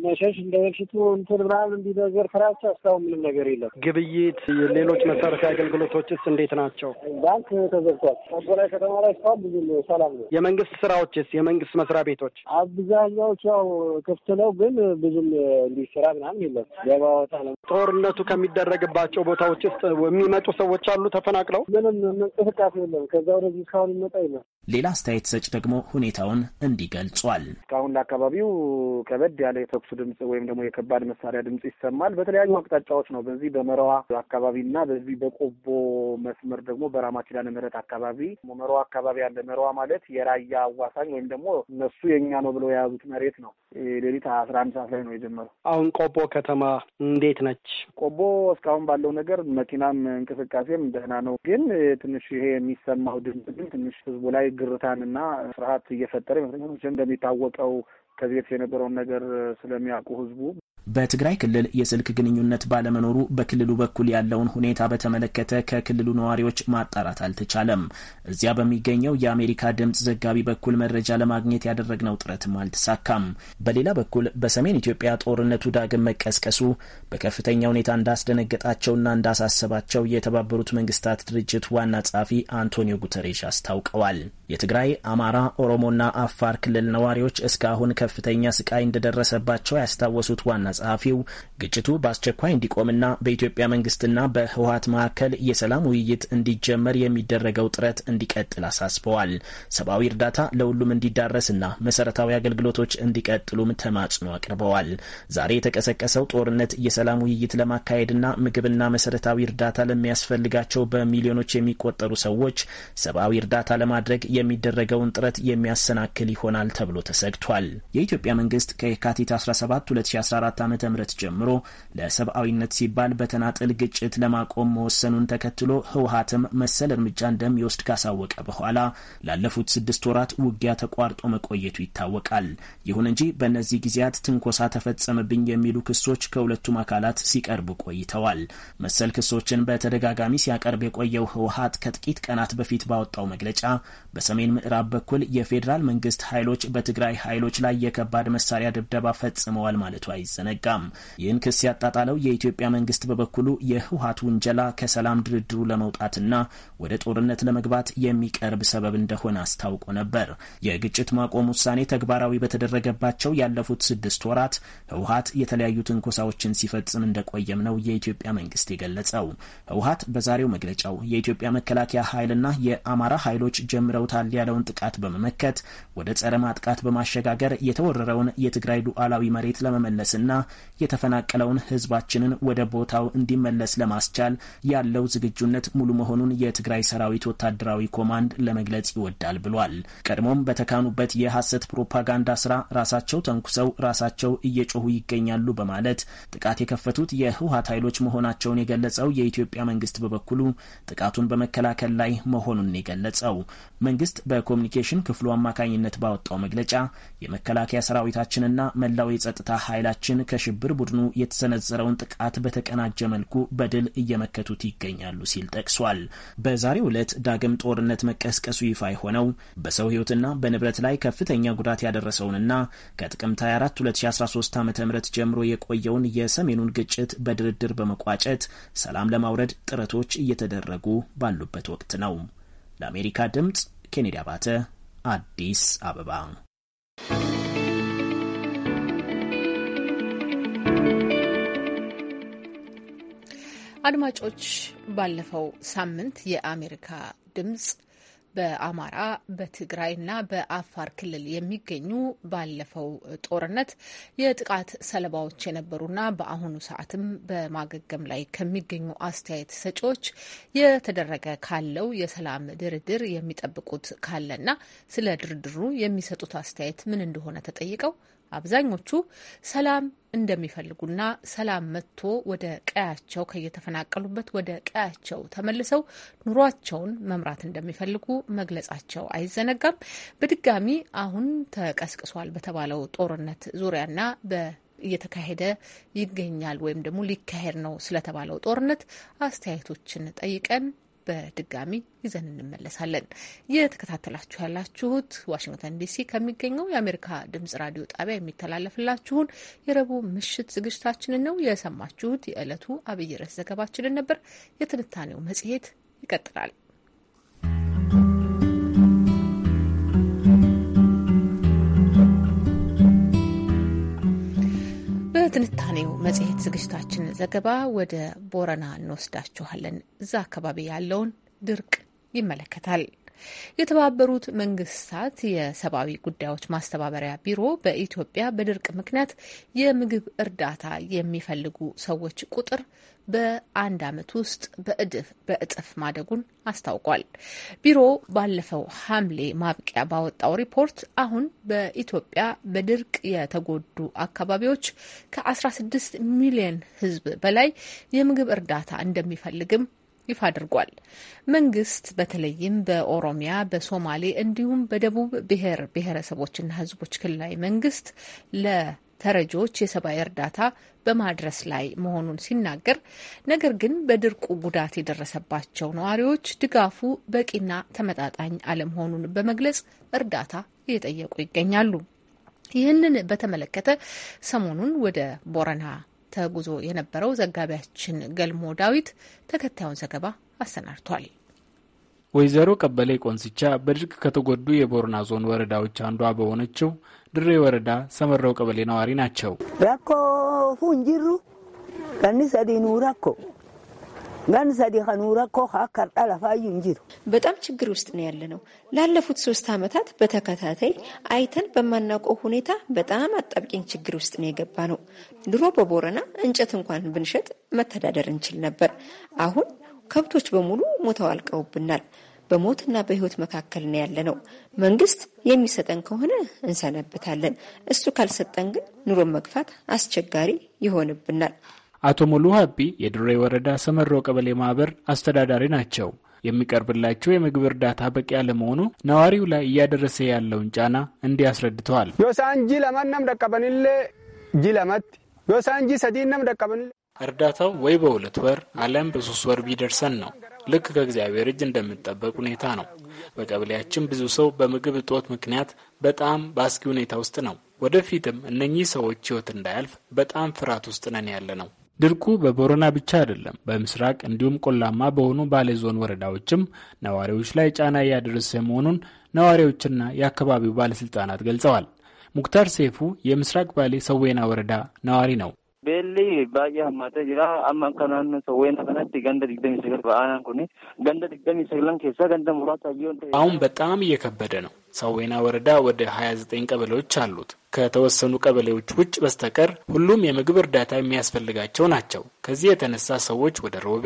መሸሽ እንደ በፊቱ እንትን ምናምን እንዲህ ፍራቻ እስካሁን ምንም ነገር የለም። ግብይት፣ ሌሎች መሰረታዊ አገልግሎቶችስ እንዴት ናቸው? ባንክ ተዘግቷል። ጎላይ ከተማ ላይ እስካሁን ብዙ ሰላም ነው። የመንግስት ስራዎችስ የመንግስት መስሪያ ቤቶች አብዛኛዎች ያው ክፍት ነው፣ ግን ብዙም እንዲህ ስራ ምናምን የለም። ገባወታ ነው። ጦርነቱ ከሚደረግባቸው ቦታዎች ውስጥ የሚመጡ ሰዎች አሉ ተፈናቅለው ምንም እንቅስቃሴ ድጋፍ የለም። ከዛ ወደዚህ እስካሁን ይመጣ ይላል። ሌላ አስተያየት ሰጭ ደግሞ ሁኔታውን እንዲህ ገልጿል። እስካሁን ለአካባቢው ከበድ ያለ የተኩሱ ድምፅ ወይም ደግሞ የከባድ መሳሪያ ድምፅ ይሰማል። በተለያዩ አቅጣጫዎች ነው። በዚህ በመረዋ አካባቢና በዚህ በቆቦ መስመር ደግሞ በራማ ኪዳነ ምሕረት አካባቢ መረዋ አካባቢ ያለ መረዋ ማለት የራያ አዋሳኝ ወይም ደግሞ እነሱ የእኛ ነው ብለው የያዙት መሬት ነው። ሌሊት አስራ አንድ ሰዓት ላይ ነው የጀመረው። አሁን ቆቦ ከተማ እንዴት ነች? ቆቦ እስካሁን ባለው ነገር መኪናም እንቅስቃሴም ደህና ነው። ግን ትንሽ ይሄ የሚሰማው ድምፅም ትንሽ ህዝቡ ላይ ግርታንና ፍርሃት እየፈጠረ ይመስለኛል። እንደሚታወቀው ከዚህ በፊት የነበረውን ነገር ስለሚያውቁ ህዝቡ በትግራይ ክልል የስልክ ግንኙነት ባለመኖሩ በክልሉ በኩል ያለውን ሁኔታ በተመለከተ ከክልሉ ነዋሪዎች ማጣራት አልተቻለም። እዚያ በሚገኘው የአሜሪካ ድምፅ ዘጋቢ በኩል መረጃ ለማግኘት ያደረግነው ጥረትም አልተሳካም። በሌላ በኩል በሰሜን ኢትዮጵያ ጦርነቱ ዳግም መቀስቀሱ በከፍተኛ ሁኔታ እንዳስደነገጣቸውና እንዳሳሰባቸው የተባበሩት መንግስታት ድርጅት ዋና ጸሐፊ አንቶኒዮ ጉተሬሽ አስታውቀዋል። የትግራይ፣ አማራ፣ ኦሮሞና አፋር ክልል ነዋሪዎች እስካሁን ከፍተኛ ስቃይ እንደደረሰባቸው ያስታወሱት ዋና ጸሐፊው ግጭቱ በአስቸኳይ እንዲቆምና በኢትዮጵያ መንግስትና በህወሀት መካከል የሰላም ውይይት እንዲጀመር የሚደረገው ጥረት እንዲቀጥል አሳስበዋል። ሰብአዊ እርዳታ ለሁሉም እንዲዳረስና መሰረታዊ አገልግሎቶች እንዲቀጥሉም ተማጽኖ አቅርበዋል። ዛሬ የተቀሰቀሰው ጦርነት የሰላም ውይይት ለማካሄድና ምግብና መሰረታዊ እርዳታ ለሚያስፈልጋቸው በሚሊዮኖች የሚቆጠሩ ሰዎች ሰብአዊ እርዳታ ለማድረግ የሚደረገውን ጥረት የሚያሰናክል ይሆናል ተብሎ ተሰግቷል። የኢትዮጵያ መንግስት ከየካቲት 17 2014 ዓ ም ጀምሮ ለሰብአዊነት ሲባል በተናጥል ግጭት ለማቆም መወሰኑን ተከትሎ ህውሀትም መሰል እርምጃ እንደሚወስድ ካሳወቀ በኋላ ላለፉት ስድስት ወራት ውጊያ ተቋርጦ መቆየቱ ይታወቃል። ይሁን እንጂ በእነዚህ ጊዜያት ትንኮሳ ተፈጸመብኝ የሚሉ ክሶች ከሁለቱም አካላት ሲቀርቡ ቆይተዋል። መሰል ክሶችን በተደጋጋሚ ሲያቀርብ የቆየው ህውሀት ከጥቂት ቀናት በፊት ባወጣው መግለጫ በሰሜን ምዕራብ በኩል የፌዴራል መንግስት ኃይሎች በትግራይ ኃይሎች ላይ የከባድ መሳሪያ ድብደባ ፈጽመዋል ማለቱ አይዘነጋም። ይህን ክስ ያጣጣለው የኢትዮጵያ መንግስት በበኩሉ የህወሀት ውንጀላ ከሰላም ድርድሩ ለመውጣትና ወደ ጦርነት ለመግባት የሚቀርብ ሰበብ እንደሆነ አስታውቆ ነበር። የግጭት ማቆም ውሳኔ ተግባራዊ በተደረገባቸው ያለፉት ስድስት ወራት ህወሀት የተለያዩ ትንኮሳዎችን ሲፈጽም እንደቆየም ነው የኢትዮጵያ መንግስት የገለጸው። ህወሀት በዛሬው መግለጫው የኢትዮጵያ መከላከያ ኃይልና የአማራ ኃይሎች ጀምረው ከፍተውታል ያለውን ጥቃት በመመከት ወደ ጸረ ማጥቃት በማሸጋገር የተወረረውን የትግራይ ሉዓላዊ መሬት ለመመለስና የተፈናቀለውን ህዝባችንን ወደ ቦታው እንዲመለስ ለማስቻል ያለው ዝግጁነት ሙሉ መሆኑን የትግራይ ሰራዊት ወታደራዊ ኮማንድ ለመግለጽ ይወዳል ብሏል። ቀድሞም በተካኑበት የሐሰት ፕሮፓጋንዳ ስራ ራሳቸው ተንኩሰው ራሳቸው እየጮሁ ይገኛሉ በማለት ጥቃት የከፈቱት የህወሀት ኃይሎች መሆናቸውን የገለጸው የኢትዮጵያ መንግስት በበኩሉ ጥቃቱን በመከላከል ላይ መሆኑን የገለጸው መንግስት በኮሚኒኬሽን ክፍሉ አማካኝነት ባወጣው መግለጫ የመከላከያ ሰራዊታችንና መላው የጸጥታ ኃይላችን ከሽብር ቡድኑ የተሰነዘረውን ጥቃት በተቀናጀ መልኩ በድል እየመከቱት ይገኛሉ ሲል ጠቅሷል። በዛሬው ዕለት ዳግም ጦርነት መቀስቀሱ ይፋ የሆነው በሰው ህይወትና በንብረት ላይ ከፍተኛ ጉዳት ያደረሰውንና ከጥቅምት 24 2013 ዓ ም ጀምሮ የቆየውን የሰሜኑን ግጭት በድርድር በመቋጨት ሰላም ለማውረድ ጥረቶች እየተደረጉ ባሉበት ወቅት ነው። ለአሜሪካ ድምፅ ኬኔዲ አባተ አዲስ አበባ። አድማጮች ባለፈው ሳምንት የአሜሪካ ድምጽ በአማራ በትግራይና በአፋር ክልል የሚገኙ ባለፈው ጦርነት የጥቃት ሰለባዎች የነበሩና በአሁኑ ሰዓትም በማገገም ላይ ከሚገኙ አስተያየት ሰጪዎች የተደረገ ካለው የሰላም ድርድር የሚጠብቁት ካለና ስለ ድርድሩ የሚሰጡት አስተያየት ምን እንደሆነ ተጠይቀው አብዛኞቹ ሰላም እንደሚፈልጉና ሰላም መጥቶ ወደ ቀያቸው ከየተፈናቀሉበት ወደ ቀያቸው ተመልሰው ኑሯቸውን መምራት እንደሚፈልጉ መግለጻቸው አይዘነጋም። በድጋሚ አሁን ተቀስቅሷል በተባለው ጦርነት ዙሪያና በ እየተካሄደ ይገኛል ወይም ደግሞ ሊካሄድ ነው ስለተባለው ጦርነት አስተያየቶችን ጠይቀን በድጋሚ ይዘን እንመለሳለን። እየተከታተላችሁ ያላችሁት ዋሽንግተን ዲሲ ከሚገኘው የአሜሪካ ድምጽ ራዲዮ ጣቢያ የሚተላለፍላችሁን የረቡዕ ምሽት ዝግጅታችንን ነው የሰማችሁት። የዕለቱ አብይ ርዕስ ዘገባችንን ነበር። የትንታኔው መጽሔት ይቀጥላል። የትንታኔው መጽሔት ዝግጅታችን ዘገባ ወደ ቦረና እንወስዳችኋለን። እዛ አካባቢ ያለውን ድርቅ ይመለከታል። የተባበሩት መንግስታት የሰብአዊ ጉዳዮች ማስተባበሪያ ቢሮ በኢትዮጵያ በድርቅ ምክንያት የምግብ እርዳታ የሚፈልጉ ሰዎች ቁጥር በአንድ ዓመት ውስጥ በእድፍ በእጥፍ ማደጉን አስታውቋል። ቢሮ ባለፈው ሐምሌ ማብቂያ ባወጣው ሪፖርት አሁን በኢትዮጵያ በድርቅ የተጎዱ አካባቢዎች ከ16 ሚሊዮን ሕዝብ በላይ የምግብ እርዳታ እንደሚፈልግም ይፋ አድርጓል። መንግስት በተለይም በኦሮሚያ፣ በሶማሌ እንዲሁም በደቡብ ብሔር ብሔረሰቦችና ህዝቦች ክልላዊ መንግስት ለ ተረጂዎች የሰብአዊ እርዳታ በማድረስ ላይ መሆኑን ሲናገር፣ ነገር ግን በድርቁ ጉዳት የደረሰባቸው ነዋሪዎች ድጋፉ በቂና ተመጣጣኝ አለመሆኑን በመግለጽ እርዳታ እየጠየቁ ይገኛሉ። ይህንን በተመለከተ ሰሞኑን ወደ ቦረና ተጉዞ የነበረው ዘጋቢያችን ገልሞ ዳዊት ተከታዩን ዘገባ አሰናድቷል። ወይዘሮ ቀበሌ ቆንስቻ በድርቅ ከተጎዱ የቦርና ዞን ወረዳዎች አንዷ በሆነችው ድሬ ወረዳ ሰመራው ቀበሌ ነዋሪ ናቸው። ራኮ ፉንጅሩ ቀኒ ራኮ ገን ሰዲ ከኑረ ኮኻ ከአከር እንጅሩ በጣም ችግር ውስጥ ነው ያለ ነው። ላለፉት ሶስት ዓመታት በተከታታይ አይተን በማናውቀው ሁኔታ በጣም አጣብቂኝ ችግር ውስጥ ነው የገባ ነው። ድሮ በቦረና እንጨት እንኳን ብንሸጥ መተዳደር እንችል ነበር። አሁን ከብቶች በሙሉ ሞተው አልቀውብናል። በሞትና በህይወት መካከል ነው ያለ ነው። መንግስት የሚሰጠን ከሆነ እንሰነብታለን። እሱ ካልሰጠን ግን ኑሮን መግፋት አስቸጋሪ ይሆንብናል። አቶ ሙሉ ሀቢ የድሬ ወረዳ ሰመሮ ቀበሌ ማህበር አስተዳዳሪ ናቸው። የሚቀርብላቸው የምግብ እርዳታ በቂ ያለመሆኑ ነዋሪው ላይ እያደረሰ ያለውን ጫና እንዲህ አስረድተዋል። ዮሳንጂ ለማናም ደቀበንሌ ጂ ለመት ዮሳንጂ ሰዲነም ደቀበንል እርዳታው ወይ በሁለት ወር አለም በሶስት ወር ቢደርሰን ነው ልክ ከእግዚአብሔር እጅ እንደምጠበቅ ሁኔታ ነው። በቀበሌያችን ብዙ ሰው በምግብ እጦት ምክንያት በጣም በአስጊ ሁኔታ ውስጥ ነው። ወደፊትም እነኚህ ሰዎች ህይወት እንዳያልፍ በጣም ፍርሃት ውስጥ ነን ያለ ነው። ድርቁ በቦረና ብቻ አይደለም፣ በምስራቅ እንዲሁም ቆላማ በሆኑ ባሌ ዞን ወረዳዎችም ነዋሪዎች ላይ ጫና እያደረሰ መሆኑን ነዋሪዎችና የአካባቢው ባለስልጣናት ገልጸዋል። ሙክታር ሴፉ የምስራቅ ባሌ ሰዌና ወረዳ ነዋሪ ነው። beelli baay'ee hammaatee jira. Amma akka naannoo sowweena kanatti ganda digdamii sagal ba'aanaan kuni ganda digdamii sagalan keessaa ganda muraasa yoo ta'e. አሁን በጣም እየከበደ ነው። ሰዌና ወረዳ ወደ 29 ቀበሌዎች አሉት። ከተወሰኑ ቀበሌዎች ውጭ በስተቀር ሁሉም የምግብ እርዳታ የሚያስፈልጋቸው ናቸው። ከዚህ የተነሳ ሰዎች ወደ ሮቤ፣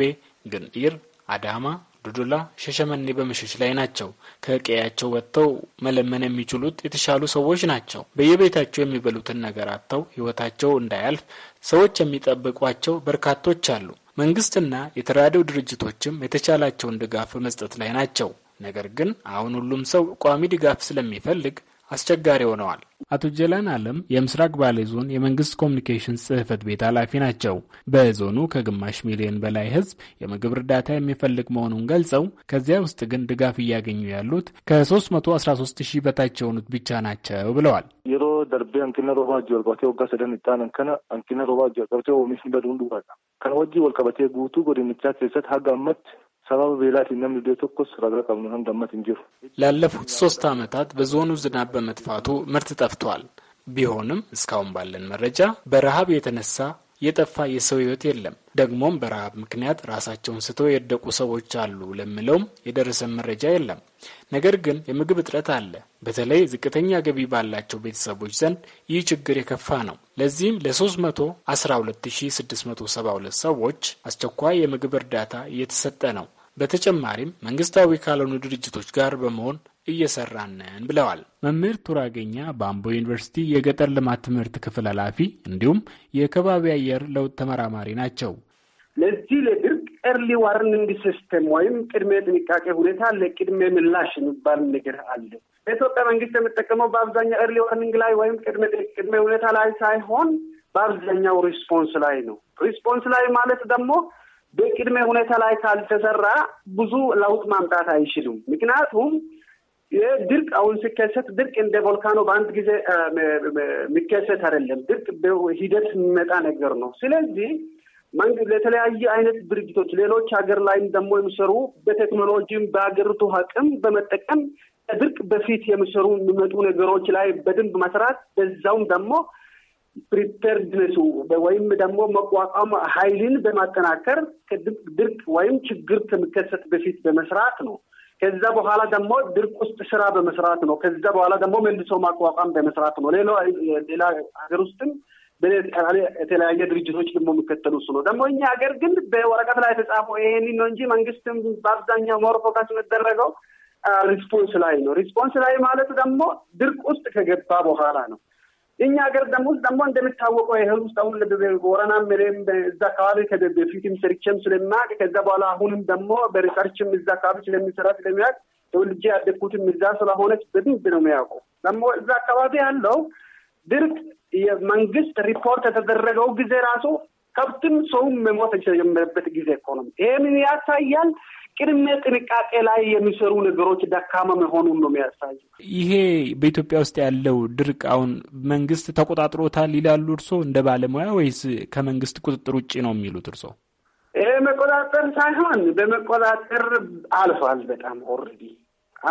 ግንኢር፣ አዳማ ዱዱላ ሸሸመኔ በመሸሽ ላይ ናቸው። ከቀያቸው ወጥተው መለመን የሚችሉት የተሻሉ ሰዎች ናቸው። በየቤታቸው የሚበሉትን ነገር አጥተው ሕይወታቸው እንዳያልፍ ሰዎች የሚጠብቋቸው በርካቶች አሉ። መንግስትና የተራድኦ ድርጅቶችም የተቻላቸውን ድጋፍ በመስጠት ላይ ናቸው። ነገር ግን አሁን ሁሉም ሰው ቋሚ ድጋፍ ስለሚፈልግ አስቸጋሪ ሆነዋል። አቶ ጀላን አለም የምስራቅ ባሌ ዞን የመንግስት ኮሚኒኬሽንስ ጽህፈት ቤት ኃላፊ ናቸው። በዞኑ ከግማሽ ሚሊዮን በላይ ህዝብ የምግብ እርዳታ የሚፈልግ መሆኑን ገልጸው ከዚያ ውስጥ ግን ድጋፍ እያገኙ ያሉት ከ313 ሺህ በታች የሆኑት ብቻ ናቸው ብለዋል። የሮ ደርቤ አንኪነ ሮባ ጆርባቴ ወጋ ሰደን ይጣን ከነ አንኪነ ሮባ ጆርባቴ ሚሽ በዱንዱ ከነ ወጂ ወልቀበቴ ጉቱ ጎድምቻ ሴሰት ሀጋመት ላለፉት ሶስት ዓመታት በዞኑ ዝናብ በመጥፋቱ ምርት ጠፍቷል። ቢሆንም እስካሁን ባለን መረጃ በረሃብ የተነሳ የጠፋ የሰው ህይወት የለም። ደግሞም በረሃብ ምክንያት ራሳቸውን ስተው የደቁ ሰዎች አሉ ለሚለውም የደረሰን መረጃ የለም። ነገር ግን የምግብ እጥረት አለ። በተለይ ዝቅተኛ ገቢ ባላቸው ቤተሰቦች ዘንድ ይህ ችግር የከፋ ነው። ለዚህም ለ312672 ሰዎች አስቸኳይ የምግብ እርዳታ እየተሰጠ ነው። በተጨማሪም መንግስታዊ ካልሆኑ ድርጅቶች ጋር በመሆን እየሰራነን ብለዋል። መምህር ቱራገኛ በአምቦ ዩኒቨርሲቲ የገጠር ልማት ትምህርት ክፍል ኃላፊ እንዲሁም የከባቢ አየር ለውጥ ተመራማሪ ናቸው። ለዚህ ለድርቅ ኤርሊ ዋርኒንግ ሲስተም ወይም ቅድመ ጥንቃቄ ሁኔታ ለቅድመ ምላሽ የሚባል ነገር አለ። በኢትዮጵያ መንግስት የምጠቀመው በአብዛኛው ኤርሊ ዋርኒንግ ላይ ወይም ቅድመ ሁኔታ ላይ ሳይሆን በአብዛኛው ሪስፖንስ ላይ ነው። ሪስፖንስ ላይ ማለት ደግሞ በቅድመ ሁኔታ ላይ ካልተሰራ ብዙ ለውጥ ማምጣት አይችሉም። ምክንያቱም ድርቅ አሁን ሲከሰት ድርቅ እንደ ቮልካኖ በአንድ ጊዜ የሚከሰት አይደለም። ድርቅ ሂደት የሚመጣ ነገር ነው። ስለዚህ ለተለያየ አይነት ድርጅቶች ሌሎች ሀገር ላይም ደግሞ የሚሰሩ በቴክኖሎጂም በሀገሪቱ አቅም በመጠቀም ድርቅ በፊት የሚሰሩ የሚመጡ ነገሮች ላይ በደንብ መስራት በዛውም ደግሞ ፕሪፔርድነሱ ወይም ደግሞ መቋቋም ኃይልን በማጠናከር ድርቅ ወይም ችግር ከሚከሰት በፊት በመስራት ነው። ከዛ በኋላ ደግሞ ድርቅ ውስጥ ስራ በመስራት ነው። ከዛ በኋላ ደግሞ መልሶ ማቋቋም በመስራት ነው። ሌላ ሌላ ሀገር ውስጥም የተለያየ ድርጅቶች ደግሞ የሚከተሉ እሱ ነው። ደግሞ እኛ ሀገር ግን በወረቀት ላይ የተጻፈው ይሄን ነው እንጂ መንግስትም በአብዛኛው ሞር ፎከስ የሚደረገው ሪስፖንስ ላይ ነው። ሪስፖንስ ላይ ማለት ደግሞ ድርቅ ውስጥ ከገባ በኋላ ነው። እኛ ሀገር ደግሞ ውስጥ ደግሞ እንደሚታወቀው ይህል ውስጥ አሁን ወረና ምሬም እዛ አካባቢ በፊትም ሰርቼም ስለሚያውቅ ከዛ በኋላ አሁንም ደግሞ በሪሰርችም እዛ አካባቢ ስለሚሰራ ስለሚያውቅ ተወልጄ ያደግኩትም እዛ ስለሆነች በደንብ ነው የሚያውቁ። ደግሞ እዛ አካባቢ ያለው ድርቅ የመንግስት ሪፖርት የተደረገው ጊዜ ራሱ ከብትም ሰውም መሞት የተጀመረበት ጊዜ እኮ ነው። ይህምን ያሳያል። ቅድመ ጥንቃቄ ላይ የሚሰሩ ነገሮች ደካማ መሆኑን ነው የሚያሳዩ። ይሄ በኢትዮጵያ ውስጥ ያለው ድርቅ አሁን መንግስት ተቆጣጥሮታል ይላሉ እርሶ እንደ ባለሙያ ወይስ ከመንግስት ቁጥጥር ውጭ ነው የሚሉት እርሶ? ይህ መቆጣጠር ሳይሆን በመቆጣጠር አልፏል። በጣም ኦልሬዲ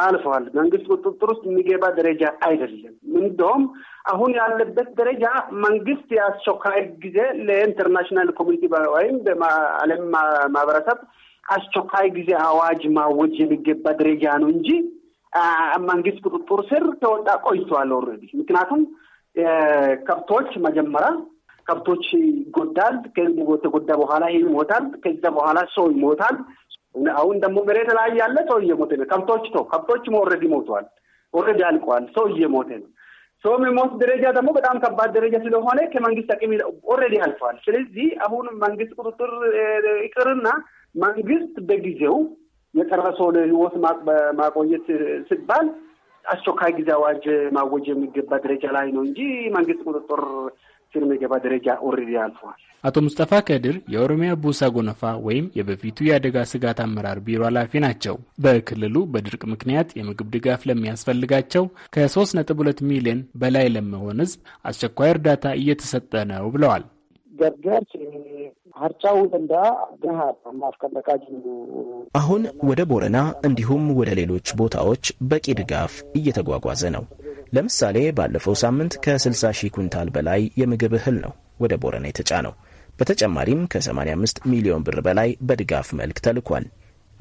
አልፏል። መንግስት ቁጥጥር ውስጥ የሚገባ ደረጃ አይደለም። እንደውም አሁን ያለበት ደረጃ መንግስት የአስቸኳይ ጊዜ ለኢንተርናሽናል ኮሚኒቲ ወይም ዓለም ማህበረሰብ አስቸኳይ ጊዜ አዋጅ ማወጅ የሚገባ ደረጃ ነው እንጂ መንግስት ቁጥጥር ስር ተወጣ ቆይቷል። ኦልሬዲ ምክንያቱም ከብቶች መጀመሪያ ከብቶች ይጎዳል። ከተጎዳ በኋላ ይህ ይሞታል። ከዛ በኋላ ሰው ይሞታል። አሁን ደግሞ መሬት ላይ ያለ ሰው እየሞተ ነው። ከብቶች ተው፣ ከብቶች ኦልሬዲ ሞተዋል። ኦልሬዲ አልቀዋል። ሰው እየሞተ ነው። ሰው የሚሞት ደረጃ ደግሞ በጣም ከባድ ደረጃ ስለሆነ ከመንግስት አቅም ኦልሬዲ አልፈዋል። ስለዚህ አሁን መንግስት ቁጥጥር ይቅርና መንግስት በጊዜው የጠረሰውን ህይወት ማቆየት ሲባል አስቸኳይ ጊዜ አዋጅ ማወጅ የሚገባ ደረጃ ላይ ነው እንጂ መንግስት ቁጥጥር ስር የሚገባ ደረጃ ኦልሬዲ አልፈዋል። አቶ ሙስጠፋ ከድር የኦሮሚያ ቡሳ ጎነፋ ወይም የበፊቱ የአደጋ ስጋት አመራር ቢሮ ኃላፊ ናቸው። በክልሉ በድርቅ ምክንያት የምግብ ድጋፍ ለሚያስፈልጋቸው ከሶስት ነጥብ ሁለት ሚሊዮን በላይ ለመሆን ህዝብ አስቸኳይ እርዳታ እየተሰጠ ነው ብለዋል። ገርገር አሁን ወደ ቦረና እንዲሁም ወደ ሌሎች ቦታዎች በቂ ድጋፍ እየተጓጓዘ ነው። ለምሳሌ ባለፈው ሳምንት ከ60 ሺህ ኩንታል በላይ የምግብ እህል ነው ወደ ቦረና የተጫነው። በተጨማሪም ከ85 ሚሊዮን ብር በላይ በድጋፍ መልክ ተልኳል።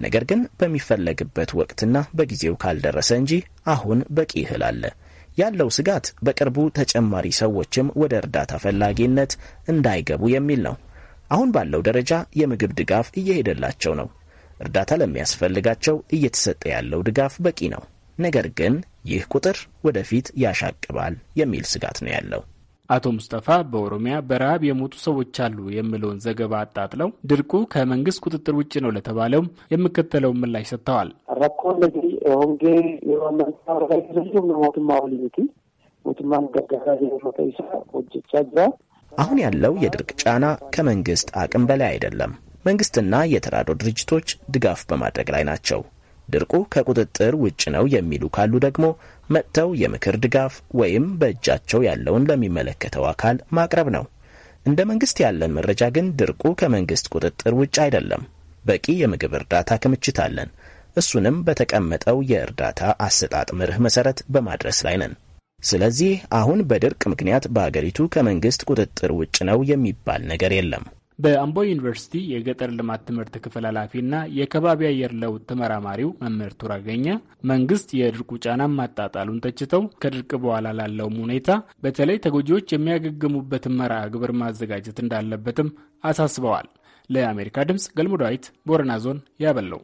ነገር ግን በሚፈለግበት ወቅትና በጊዜው ካልደረሰ እንጂ አሁን በቂ እህል አለ። ያለው ስጋት በቅርቡ ተጨማሪ ሰዎችም ወደ እርዳታ ፈላጊነት እንዳይገቡ የሚል ነው። አሁን ባለው ደረጃ የምግብ ድጋፍ እየሄደላቸው ነው። እርዳታ ለሚያስፈልጋቸው እየተሰጠ ያለው ድጋፍ በቂ ነው። ነገር ግን ይህ ቁጥር ወደፊት ያሻቅባል የሚል ስጋት ነው ያለው። አቶ ሙስጠፋ በኦሮሚያ በረሃብ የሞቱ ሰዎች አሉ የሚለውን ዘገባ አጣጥለው ድርቁ ከመንግስት ቁጥጥር ውጭ ነው ለተባለውም የሚከተለውን ምላሽ ሰጥተዋል። አሁን ያለው የድርቅ ጫና ከመንግስት አቅም በላይ አይደለም። መንግስትና የተራድኦ ድርጅቶች ድጋፍ በማድረግ ላይ ናቸው። ድርቁ ከቁጥጥር ውጭ ነው የሚሉ ካሉ ደግሞ መጥተው የምክር ድጋፍ ወይም በእጃቸው ያለውን ለሚመለከተው አካል ማቅረብ ነው። እንደ መንግስት ያለን መረጃ ግን ድርቁ ከመንግስት ቁጥጥር ውጭ አይደለም። በቂ የምግብ እርዳታ ክምችት አለን። እሱንም በተቀመጠው የእርዳታ አሰጣጥ መርህ መሰረት በማድረስ ላይ ነን። ስለዚህ አሁን በድርቅ ምክንያት በአገሪቱ ከመንግስት ቁጥጥር ውጭ ነው የሚባል ነገር የለም። በአምቦ ዩኒቨርሲቲ የገጠር ልማት ትምህርት ክፍል ኃላፊና የከባቢ አየር ለውጥ ተመራማሪው መምህር ቱራገኘ መንግስት የድርቁ ጫናን ማጣጣሉን ተችተው ከድርቅ በኋላ ላለውም ሁኔታ በተለይ ተጎጂዎች የሚያገግሙበትን መርሃ ግብር ማዘጋጀት እንዳለበትም አሳስበዋል። ለአሜሪካ ድምፅ ገልሞ ዳዊት ቦረና ዞን ያበለው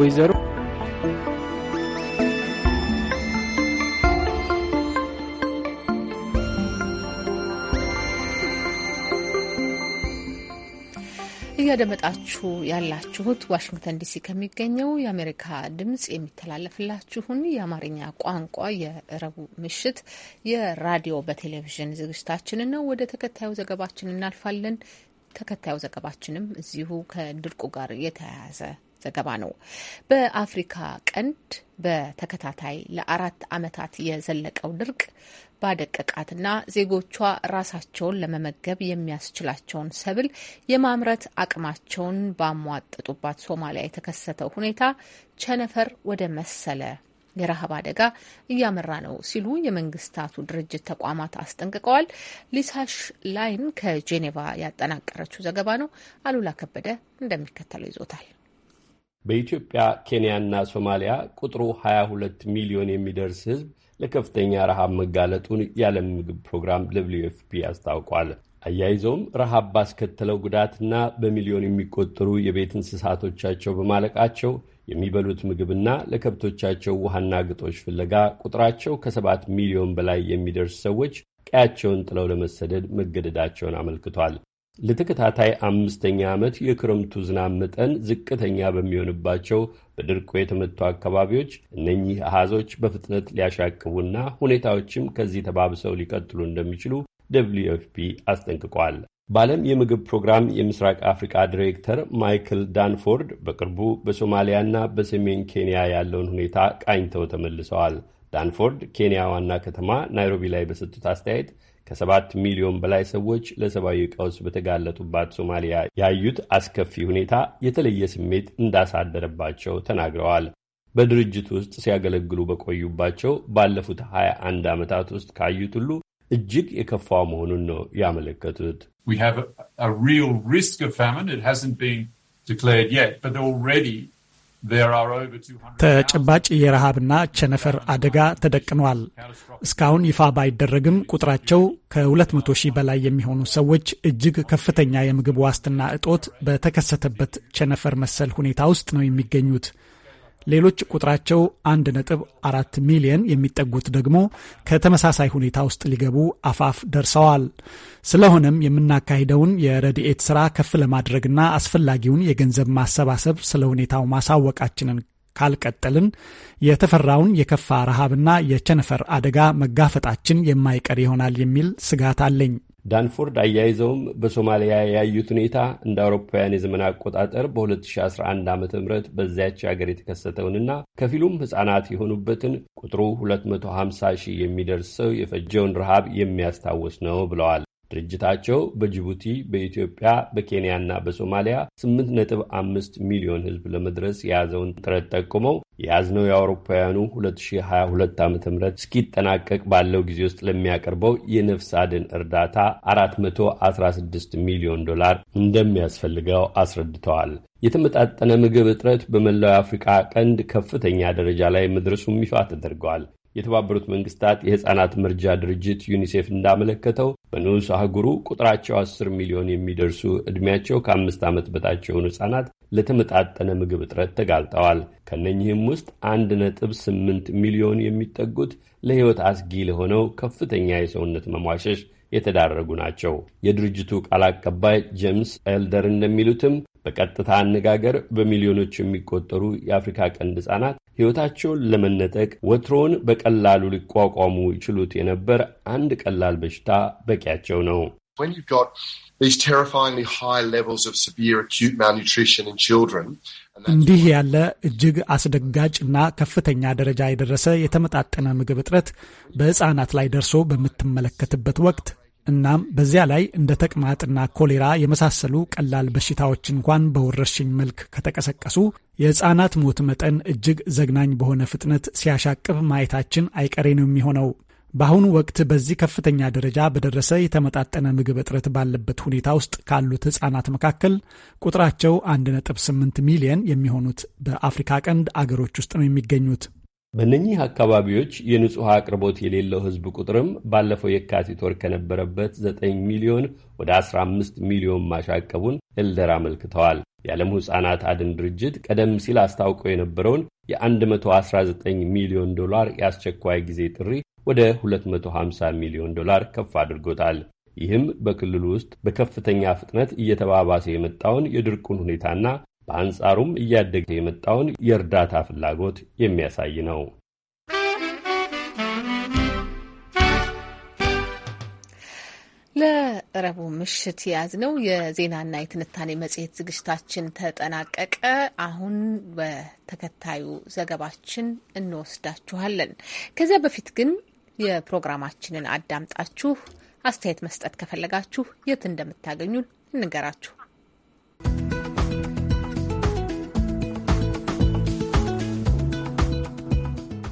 ወይዘሮ እያደመጣችሁ ያላችሁት ዋሽንግተን ዲሲ ከሚገኘው የአሜሪካ ድምጽ የሚተላለፍላችሁን የአማርኛ ቋንቋ የረቡ ምሽት የራዲዮ በቴሌቪዥን ዝግጅታችንን ነው። ወደ ተከታዩ ዘገባችን እናልፋለን። ተከታዩ ዘገባችንም እዚሁ ከድርቁ ጋር የተያያዘ ዘገባ ነው። በአፍሪካ ቀንድ በተከታታይ ለአራት ዓመታት የዘለቀው ድርቅ ባደቀቃትና ዜጎቿ ራሳቸውን ለመመገብ የሚያስችላቸውን ሰብል የማምረት አቅማቸውን ባሟጠጡባት ሶማሊያ የተከሰተው ሁኔታ ቸነፈር ወደ መሰለ የረሃብ አደጋ እያመራ ነው ሲሉ የመንግስታቱ ድርጅት ተቋማት አስጠንቅቀዋል። ሊሳሽ ላይን ከጄኔቫ ያጠናቀረችው ዘገባ ነው። አሉላ ከበደ እንደሚከተለው ይዞታል። በኢትዮጵያ ኬንያና ሶማሊያ ቁጥሩ 22 ሚሊዮን የሚደርስ ህዝብ ለከፍተኛ ረሃብ መጋለጡን የዓለም ምግብ ፕሮግራም ደብልዩ ፒ አስታውቋል። አያይዘውም ረሃብ ባስከተለው ጉዳትና በሚሊዮን የሚቆጠሩ የቤት እንስሳቶቻቸው በማለቃቸው የሚበሉት ምግብና ለከብቶቻቸው ውሃና ግጦሽ ፍለጋ ቁጥራቸው ከሰባት ሚሊዮን በላይ የሚደርስ ሰዎች ቀያቸውን ጥለው ለመሰደድ መገደዳቸውን አመልክቷል። ለተከታታይ አምስተኛ ዓመት የክረምቱ ዝናብ መጠን ዝቅተኛ በሚሆንባቸው በድርቁ የተመቱ አካባቢዎች እነኚህ አሃዞች በፍጥነት ሊያሻቅቡና ሁኔታዎችም ከዚህ ተባብሰው ሊቀጥሉ እንደሚችሉ ደብሊዩ ኤፍ ፒ አስጠንቅቋል። በዓለም የምግብ ፕሮግራም የምስራቅ አፍሪካ ዲሬክተር ማይክል ዳንፎርድ በቅርቡ በሶማሊያና በሰሜን ኬንያ ያለውን ሁኔታ ቃኝተው ተመልሰዋል። ዳንፎርድ ኬንያ ዋና ከተማ ናይሮቢ ላይ በሰጡት አስተያየት ከሰባት ሚሊዮን በላይ ሰዎች ለሰብአዊ ቀውስ በተጋለጡባት ሶማሊያ ያዩት አስከፊ ሁኔታ የተለየ ስሜት እንዳሳደረባቸው ተናግረዋል። በድርጅት ውስጥ ሲያገለግሉ በቆዩባቸው ባለፉት 21 ዓመታት ውስጥ ካዩት ሁሉ እጅግ የከፋ መሆኑን ነው ያመለከቱት። We have a real risk of famine. It hasn't been declared yet, but already ተጨባጭ የረሃብና ቸነፈር አደጋ ተደቅኗል። እስካሁን ይፋ ባይደረግም ቁጥራቸው ከ200 ሺህ በላይ የሚሆኑ ሰዎች እጅግ ከፍተኛ የምግብ ዋስትና እጦት በተከሰተበት ቸነፈር መሰል ሁኔታ ውስጥ ነው የሚገኙት። ሌሎች ቁጥራቸው አንድ ነጥብ አራት ሚሊየን የሚጠጉት ደግሞ ከተመሳሳይ ሁኔታ ውስጥ ሊገቡ አፋፍ ደርሰዋል። ስለሆነም የምናካሂደውን የረድኤት ስራ ከፍ ለማድረግና አስፈላጊውን የገንዘብ ማሰባሰብ ስለ ሁኔታው ማሳወቃችንን ካልቀጠልን የተፈራውን የከፋ ረሃብና የቸነፈር አደጋ መጋፈጣችን የማይቀር ይሆናል የሚል ስጋት አለኝ። ዳንፎርድ አያይዘውም በሶማሊያ ያዩት ሁኔታ እንደ አውሮፓውያን የዘመን አቆጣጠር በ2011 ዓ ም በዚያች ሀገር የተከሰተውንና ከፊሉም ሕፃናት የሆኑበትን ቁጥሩ 250 ሺህ የሚደርስ ሰው የፈጀውን ረሃብ የሚያስታውስ ነው ብለዋል። ድርጅታቸው በጅቡቲ፣ በኢትዮጵያ፣ በኬንያና በሶማሊያ 8.5 ሚሊዮን ሕዝብ ለመድረስ የያዘውን ጥረት ጠቁመው የያዝነው የአውሮፓውያኑ 2022 ዓ ም እስኪጠናቀቅ ባለው ጊዜ ውስጥ ለሚያቀርበው የነፍስ አድን እርዳታ 416 ሚሊዮን ዶላር እንደሚያስፈልገው አስረድተዋል። የተመጣጠነ ምግብ እጥረት በመላው የአፍሪቃ ቀንድ ከፍተኛ ደረጃ ላይ መድረሱም ይፋ ተደርገዋል። የተባበሩት መንግስታት የሕፃናት መርጃ ድርጅት ዩኒሴፍ እንዳመለከተው በንዑስ አህጉሩ ቁጥራቸው 10 ሚሊዮን የሚደርሱ ዕድሜያቸው ከአምስት ዓመት በታች የሆኑ ሕፃናት ለተመጣጠነ ምግብ እጥረት ተጋልጠዋል። ከእነኚህም ውስጥ አንድ ነጥብ ስምንት ሚሊዮን የሚጠጉት ለሕይወት አስጊ ለሆነው ከፍተኛ የሰውነት መሟሸሽ የተዳረጉ ናቸው። የድርጅቱ ቃል አቀባይ ጄምስ ኤልደር እንደሚሉትም በቀጥታ አነጋገር በሚሊዮኖች የሚቆጠሩ የአፍሪካ ቀንድ ህጻናት ሕይወታቸውን ለመነጠቅ ወትሮውን በቀላሉ ሊቋቋሙ ይችሉት የነበር አንድ ቀላል በሽታ በቂያቸው ነው። እንዲህ ያለ እጅግ አስደንጋጭ እና ከፍተኛ ደረጃ የደረሰ የተመጣጠነ ምግብ እጥረት በሕፃናት ላይ ደርሶ በምትመለከትበት ወቅት እናም በዚያ ላይ እንደ ተቅማጥና ኮሌራ የመሳሰሉ ቀላል በሽታዎች እንኳን በወረርሽኝ መልክ ከተቀሰቀሱ የሕፃናት ሞት መጠን እጅግ ዘግናኝ በሆነ ፍጥነት ሲያሻቅብ ማየታችን አይቀሬ ነው የሚሆነው። በአሁኑ ወቅት በዚህ ከፍተኛ ደረጃ በደረሰ የተመጣጠነ ምግብ እጥረት ባለበት ሁኔታ ውስጥ ካሉት ሕፃናት መካከል ቁጥራቸው 1.8 ሚሊየን የሚሆኑት በአፍሪካ ቀንድ አገሮች ውስጥ ነው የሚገኙት። በእነኚህ አካባቢዎች የንጹሕ አቅርቦት የሌለው ሕዝብ ቁጥርም ባለፈው የካቲት ወር ከነበረበት 9 ሚሊዮን ወደ 15 ሚሊዮን ማሻቀቡን ኤልደር አመልክተዋል። የዓለሙ ሕፃናት አድን ድርጅት ቀደም ሲል አስታውቆ የነበረውን የ119 ሚሊዮን ዶላር የአስቸኳይ ጊዜ ጥሪ ወደ 250 ሚሊዮን ዶላር ከፍ አድርጎታል። ይህም በክልሉ ውስጥ በከፍተኛ ፍጥነት እየተባባሰ የመጣውን የድርቁን ሁኔታና በአንጻሩም እያደገ የመጣውን የእርዳታ ፍላጎት የሚያሳይ ነው። ለረቡ ምሽት የያዝነው የዜናና የትንታኔ መጽሔት ዝግጅታችን ተጠናቀቀ። አሁን በተከታዩ ዘገባችን እንወስዳችኋለን። ከዚያ በፊት ግን የፕሮግራማችንን አዳምጣችሁ አስተያየት መስጠት ከፈለጋችሁ የት እንደምታገኙን እንገራችሁ።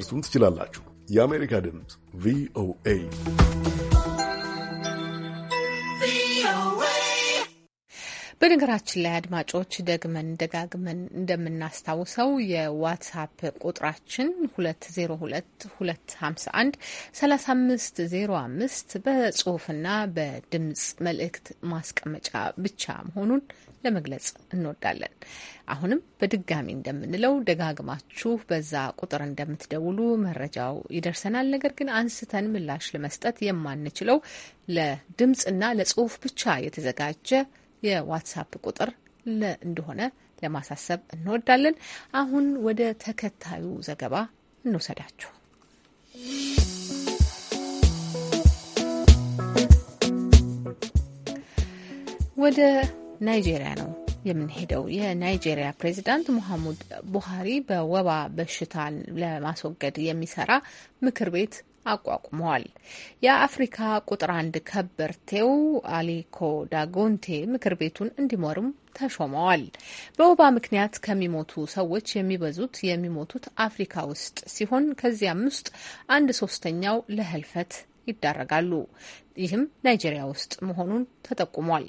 ልታደርሱን ትችላላችሁ። የአሜሪካ ድምፅ ቪኦኤ በነገራችን ላይ አድማጮች ደግመን ደጋግመን እንደምናስታውሰው የዋትሳፕ ቁጥራችን 2022513505 በጽሁፍና በድምጽ መልእክት ማስቀመጫ ብቻ መሆኑን ለመግለጽ እንወዳለን። አሁንም በድጋሚ እንደምንለው ደጋግማችሁ በዛ ቁጥር እንደምትደውሉ መረጃው ይደርሰናል። ነገር ግን አንስተን ምላሽ ለመስጠት የማንችለው ለድምፅና ለጽሁፍ ብቻ የተዘጋጀ የዋትሳፕ ቁጥር እንደሆነ ለማሳሰብ እንወዳለን። አሁን ወደ ተከታዩ ዘገባ እንውሰዳችሁ። ወደ ናይጄሪያ ነው የምንሄደው። የናይጄሪያ ፕሬዚዳንት ሙሐሙድ ቡሃሪ በወባ በሽታ ለማስወገድ የሚሰራ ምክር ቤት አቋቁመዋል። የአፍሪካ ቁጥር አንድ ከበርቴው አሊኮ ዳጎንቴ ምክር ቤቱን እንዲመሩም ተሾመዋል። በወባ ምክንያት ከሚሞቱ ሰዎች የሚበዙት የሚሞቱት አፍሪካ ውስጥ ሲሆን ከዚያም ውስጥ አንድ ሶስተኛው ለህልፈት ይዳረጋሉ። ይህም ናይጄሪያ ውስጥ መሆኑን ተጠቁሟል።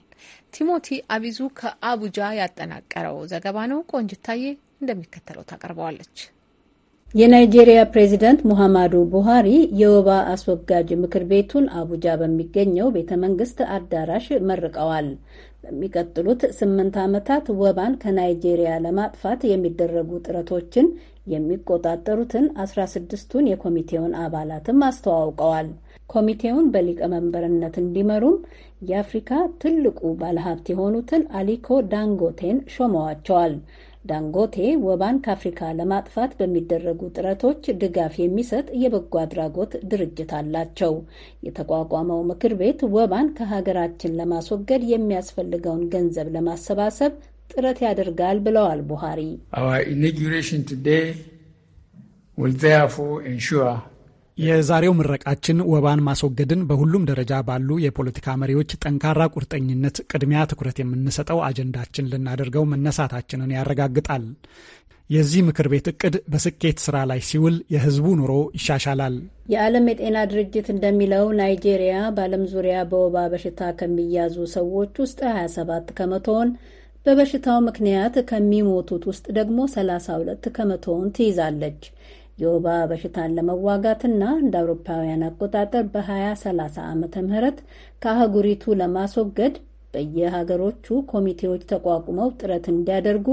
ቲሞቲ አቢዙ ከአቡጃ ያጠናቀረው ዘገባ ነው። ቆንጅታዬ እንደሚከተለው ታቀርበዋለች። የናይጄሪያ ፕሬዚደንት ሙሐማዱ ቡሃሪ የወባ አስወጋጅ ምክር ቤቱን አቡጃ በሚገኘው ቤተ መንግስት አዳራሽ መርቀዋል። በሚቀጥሉት ስምንት ዓመታት ወባን ከናይጄሪያ ለማጥፋት የሚደረጉ ጥረቶችን የሚቆጣጠሩትን አስራ ስድስቱን የኮሚቴውን አባላትም አስተዋውቀዋል። ኮሚቴውን በሊቀመንበርነት እንዲመሩም የአፍሪካ ትልቁ ባለሀብት የሆኑትን አሊኮ ዳንጎቴን ሾመዋቸዋል። ዳንጎቴ ወባን ከአፍሪካ ለማጥፋት በሚደረጉ ጥረቶች ድጋፍ የሚሰጥ የበጎ አድራጎት ድርጅት አላቸው። የተቋቋመው ምክር ቤት ወባን ከሀገራችን ለማስወገድ የሚያስፈልገውን ገንዘብ ለማሰባሰብ ጥረት ያደርጋል ብለዋል ቡሃሪ። የዛሬው ምረቃችን ወባን ማስወገድን በሁሉም ደረጃ ባሉ የፖለቲካ መሪዎች ጠንካራ ቁርጠኝነት ቅድሚያ ትኩረት የምንሰጠው አጀንዳችን ልናደርገው መነሳታችንን ያረጋግጣል። የዚህ ምክር ቤት እቅድ በስኬት ስራ ላይ ሲውል የህዝቡ ኑሮ ይሻሻላል። የዓለም የጤና ድርጅት እንደሚለው ናይጄሪያ በዓለም ዙሪያ በወባ በሽታ ከሚያዙ ሰዎች ውስጥ 27 ከመቶውን በበሽታው ምክንያት ከሚሞቱት ውስጥ ደግሞ 32 ከመቶውን ትይዛለች። የወባ በሽታን ለመዋጋትና እንደ አውሮፓውያን አቆጣጠር በ2030 ዓመተ ምህረት ከአህጉሪቱ ለማስወገድ በየሀገሮቹ ኮሚቴዎች ተቋቁመው ጥረት እንዲያደርጉ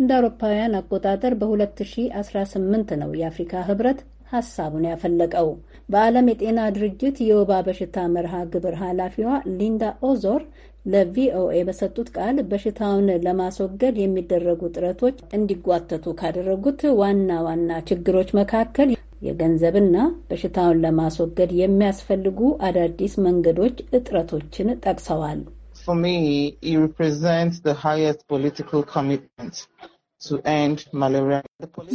እንደ አውሮፓውያን አቆጣጠር በ2018 ነው የአፍሪካ ህብረት ሀሳቡን ያፈለቀው። በዓለም የጤና ድርጅት የወባ በሽታ መርሃ ግብር ኃላፊዋ ሊንዳ ኦዞር ለቪኦኤ በሰጡት ቃል በሽታውን ለማስወገድ የሚደረጉ ጥረቶች እንዲጓተቱ ካደረጉት ዋና ዋና ችግሮች መካከል የገንዘብና በሽታውን ለማስወገድ የሚያስፈልጉ አዳዲስ መንገዶች እጥረቶችን ጠቅሰዋል።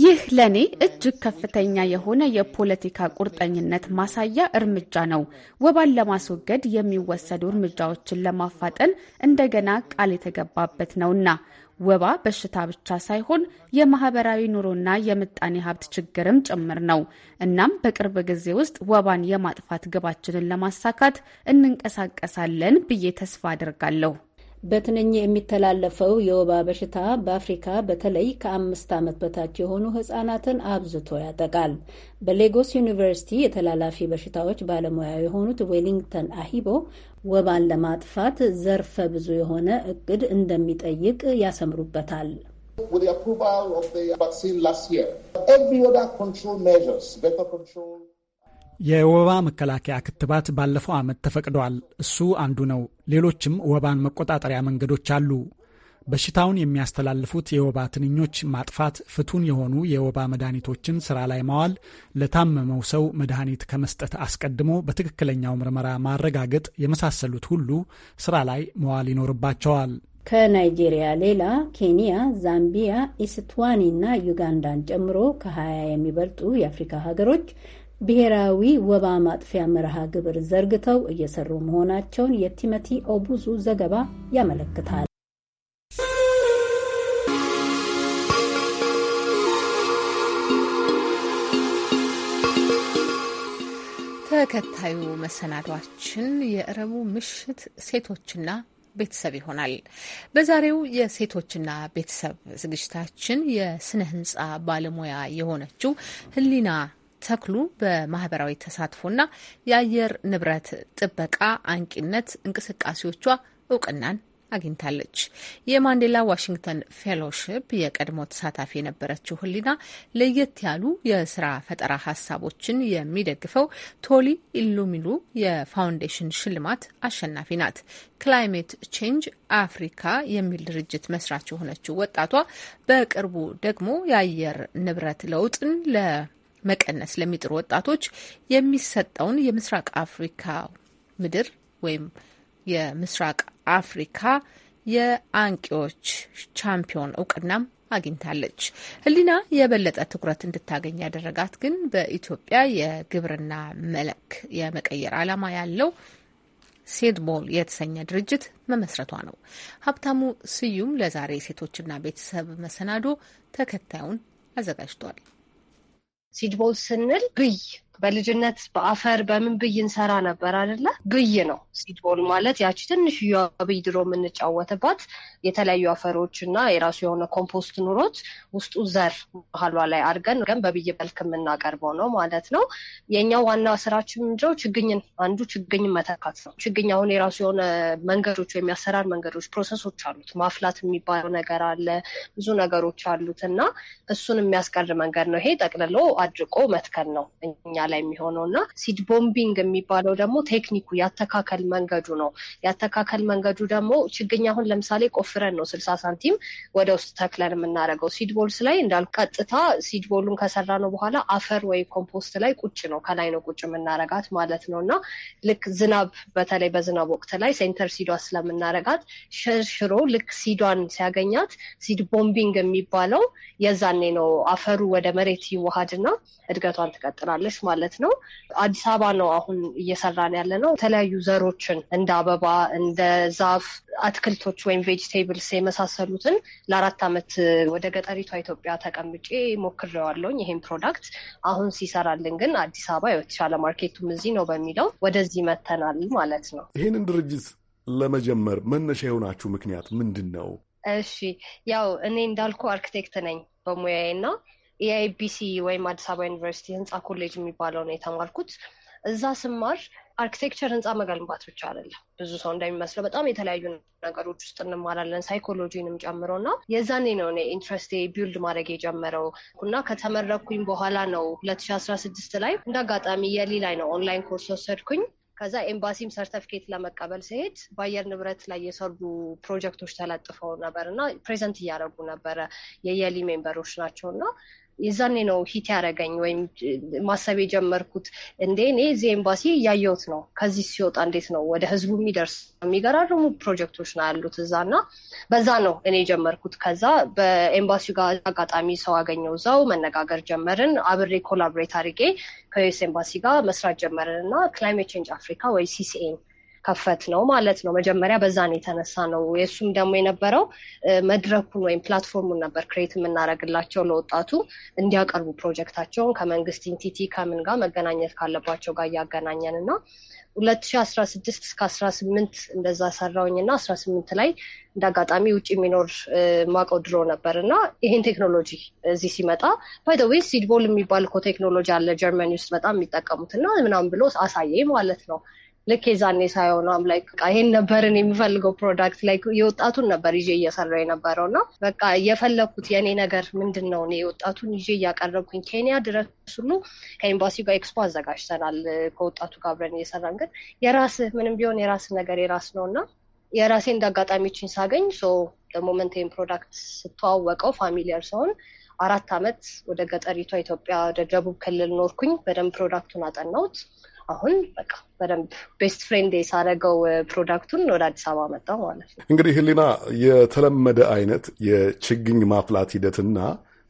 ይህ ለእኔ እጅግ ከፍተኛ የሆነ የፖለቲካ ቁርጠኝነት ማሳያ እርምጃ ነው። ወባን ለማስወገድ የሚወሰዱ እርምጃዎችን ለማፋጠን እንደገና ቃል የተገባበት ነውና ወባ በሽታ ብቻ ሳይሆን የማህበራዊ ኑሮና የምጣኔ ሀብት ችግርም ጭምር ነው። እናም በቅርብ ጊዜ ውስጥ ወባን የማጥፋት ግባችንን ለማሳካት እንንቀሳቀሳለን ብዬ ተስፋ አድርጋለሁ። በትንኝ የሚተላለፈው የወባ በሽታ በአፍሪካ በተለይ ከአምስት ዓመት በታች የሆኑ ህጻናትን አብዝቶ ያጠቃል። በሌጎስ ዩኒቨርሲቲ የተላላፊ በሽታዎች ባለሙያ የሆኑት ዌሊንግተን አሂቦ ወባን ለማጥፋት ዘርፈ ብዙ የሆነ እቅድ እንደሚጠይቅ ያሰምሩበታል። የወባ መከላከያ ክትባት ባለፈው ዓመት ተፈቅደዋል። እሱ አንዱ ነው። ሌሎችም ወባን መቆጣጠሪያ መንገዶች አሉ። በሽታውን የሚያስተላልፉት የወባ ትንኞች ማጥፋት፣ ፍቱን የሆኑ የወባ መድኃኒቶችን ስራ ላይ ማዋል፣ ለታመመው ሰው መድኃኒት ከመስጠት አስቀድሞ በትክክለኛው ምርመራ ማረጋገጥ የመሳሰሉት ሁሉ ስራ ላይ መዋል ይኖርባቸዋል። ከናይጄሪያ ሌላ ኬንያ፣ ዛምቢያ፣ ኢስትዋኒ እና ዩጋንዳን ጨምሮ ከ20 የሚበልጡ የአፍሪካ ሀገሮች ብሔራዊ ወባ ማጥፊያ መርሃ ግብር ዘርግተው እየሰሩ መሆናቸውን የቲሞቲ ኦቡዙ ዘገባ ያመለክታል። ተከታዩ መሰናዷችን የእረቡ ምሽት ሴቶችና ቤተሰብ ይሆናል። በዛሬው የሴቶችና ቤተሰብ ዝግጅታችን የስነ ህንፃ ባለሙያ የሆነችው ህሊና ተክሉ በማህበራዊ ተሳትፎና የአየር ንብረት ጥበቃ አንቂነት እንቅስቃሴዎቿ እውቅናን አግኝታለች። የማንዴላ ዋሽንግተን ፌሎሺፕ የቀድሞ ተሳታፊ የነበረችው ህሊና ለየት ያሉ የስራ ፈጠራ ሀሳቦችን የሚደግፈው ቶሊ ኢሉሚሉ የፋውንዴሽን ሽልማት አሸናፊ ናት። ክላይሜት ቼንጅ አፍሪካ የሚል ድርጅት መስራች የሆነችው ወጣቷ በቅርቡ ደግሞ የአየር ንብረት ለውጥን ለ መቀነስ ለሚጥሩ ወጣቶች የሚሰጠውን የምስራቅ አፍሪካ ምድር ወይም የምስራቅ አፍሪካ የአንቂዎች ቻምፒዮን እውቅናም አግኝታለች። ህሊና የበለጠ ትኩረት እንድታገኝ ያደረጋት ግን በኢትዮጵያ የግብርና መልክ የመቀየር ዓላማ ያለው ሴድቦል የተሰኘ ድርጅት መመስረቷ ነው። ሀብታሙ ስዩም ለዛሬ ሴቶችና ቤተሰብ መሰናዶ ተከታዩን አዘጋጅቷል። ሲጅቦል ስንል ግይ በልጅነት በአፈር በምን ብይ እንሰራ ነበር አደለ? ብይ ነው ሲድቦል ማለት ያቺ ትንሽ ብይ ድሮ የምንጫወትባት የተለያዩ አፈሮች እና የራሱ የሆነ ኮምፖስት ኑሮት ውስጡ ዘር ባህሏ ላይ አድርገን ገን በብይ መልክ የምናቀርበው ነው ማለት ነው። የኛው ዋና ስራችን ምንድነው? ችግኝን አንዱ ችግኝ መተካት ነው። ችግኝ አሁን የራሱ የሆነ መንገዶች ወይም ያሰራር መንገዶች ፕሮሰሶች አሉት። ማፍላት የሚባለው ነገር አለ፣ ብዙ ነገሮች አሉት እና እሱን የሚያስቀር መንገድ ነው ይሄ። ጠቅልሎ አድርቆ መትከል ነው እኛ ላይ የሚሆነው እና ሲድ ቦምቢንግ የሚባለው ደግሞ ቴክኒኩ ያተካከል መንገዱ ነው። ያተካከል መንገዱ ደግሞ ችግኝ አሁን ለምሳሌ ቆፍረን ነው ስልሳ ሳንቲም ወደ ውስጥ ተክለን የምናደርገው። ሲድ ቦልስ ላይ እንዳል ቀጥታ ሲድ ቦሉን ከሰራ ነው በኋላ አፈር ወይ ኮምፖስት ላይ ቁጭ ነው ከላይ ነው ቁጭ የምናረጋት ማለት ነው እና ልክ ዝናብ በተለይ በዝናብ ወቅት ላይ ሴንተር ሲዷ ስለምናረጋት ሽርሽሮ ልክ ሲዷን ሲያገኛት ሲድ ቦምቢንግ የሚባለው የዛኔ ነው አፈሩ ወደ መሬት ይዋሃድና እድገቷን ትቀጥላለች ማለት ማለት ነው። አዲስ አበባ ነው አሁን እየሰራን ያለ ነው። የተለያዩ ዘሮችን እንደ አበባ፣ እንደ ዛፍ፣ አትክልቶች ወይም ቬጅቴብልስ የመሳሰሉትን ለአራት ዓመት ወደ ገጠሪቷ ኢትዮጵያ ተቀምጬ ሞክሬዋለሁኝ። ይሄን ፕሮዳክት አሁን ሲሰራልን ግን አዲስ አበባ የተሻለ ማርኬቱም እዚህ ነው በሚለው ወደዚህ መተናል ማለት ነው። ይህንን ድርጅት ለመጀመር መነሻ የሆናችሁ ምክንያት ምንድን ነው? እሺ ያው እኔ እንዳልኩ አርክቴክት ነኝ በሙያዬ እና የአይቢሲ ወይም አዲስ አበባ ዩኒቨርሲቲ ህንፃ ኮሌጅ የሚባለው ነው የተማርኩት። እዛ ስማር አርኪቴክቸር ህንፃ መገንባት ብቻ አይደለም። ብዙ ሰው እንደሚመስለው በጣም የተለያዩ ነገሮች ውስጥ እንማላለን ሳይኮሎጂንም ጨምሮ እና የዛኔ ነው እኔ ኢንትረስቴ ቢውልድ ማድረግ የጀመረው እና ከተመረኩኝ በኋላ ነው ሁለት ሺ አስራ ስድስት ላይ እንደ አጋጣሚ የሊ ላይ ነው ኦንላይን ኮርስ ወሰድኩኝ። ከዛ ኤምባሲም ሰርተፊኬት ለመቀበል ሲሄድ በአየር ንብረት ላይ የሰሩ ፕሮጀክቶች ተለጥፈው ነበር እና ፕሬዘንት እያደረጉ ነበረ። የየሊ ሜምበሮች ናቸው እና የዛኔ ነው ሂት ያደረገኝ ወይም ማሰብ የጀመርኩት እንዴ እኔ እዚህ ኤምባሲ እያየሁት ነው። ከዚህ ሲወጣ እንዴት ነው ወደ ህዝቡ የሚደርስ? የሚገራርሙ ፕሮጀክቶች ነው ያሉት እዛ እና በዛ ነው እኔ የጀመርኩት። ከዛ በኤምባሲው ጋር አጋጣሚ ሰው አገኘው እዛው መነጋገር ጀመርን። አብሬ ኮላብሬት አድርጌ ከዩስ ኤምባሲ ጋር መስራት ጀመርን እና ክላይሜት ቼንጅ አፍሪካ ወይ ሲሲኤን ከፈት ነው ማለት ነው። መጀመሪያ በዛን የተነሳ ነው። የእሱም ደግሞ የነበረው መድረኩን ወይም ፕላትፎርሙን ነበር ክሬት የምናደርግላቸው ለወጣቱ እንዲያቀርቡ ፕሮጀክታቸውን ከመንግስት ኢንቲቲ ከምን ጋር መገናኘት ካለባቸው ጋር እያገናኘን እና ሁለት ሺ አስራ ስድስት እስከ አስራ ስምንት እንደዛ ሰራውኝ እና አስራ ስምንት ላይ እንደ አጋጣሚ ውጭ የሚኖር ማቀው ድሮ ነበር እና ይሄን ቴክኖሎጂ እዚህ ሲመጣ ባይደዌይ ሲድቦል የሚባል እኮ ቴክኖሎጂ አለ ጀርመኒ ውስጥ በጣም የሚጠቀሙት እና ምናምን ብሎ አሳየኝ ማለት ነው። ልክ የዛኔ ሳይሆኗም ላይ ይሄን ነበርን የሚፈልገው ፕሮዳክት ላይ የወጣቱን ነበር ይዤ እየሰራ የነበረው ነው። በቃ የፈለግኩት የእኔ ነገር ምንድን ነው? እኔ የወጣቱን ይዤ እያቀረብኩኝ ኬንያ ድረስ ሁሉ ከኤምባሲው ጋር ኤክስፖ አዘጋጅተናል። ከወጣቱ ጋር አብረን እየሰራን ግን የራስ ምንም ቢሆን የራስ ነገር የራስ ነው እና የራሴ እንደ አጋጣሚዎችን ሳገኝ ሶ ለሞመንቴን ፕሮዳክት ስተዋወቀው ፋሚሊየር ሲሆን አራት አመት ወደ ገጠሪቷ ኢትዮጵያ ወደ ደቡብ ክልል ኖርኩኝ። በደንብ ፕሮዳክቱን አጠናውት አሁን በቃ በደንብ ቤስት ፍሬንድ የሳረገው ፕሮዳክቱን ወደ አዲስ አበባ መጣው ማለት ነው። እንግዲህ ህሊና፣ የተለመደ አይነት የችግኝ ማፍላት ሂደትና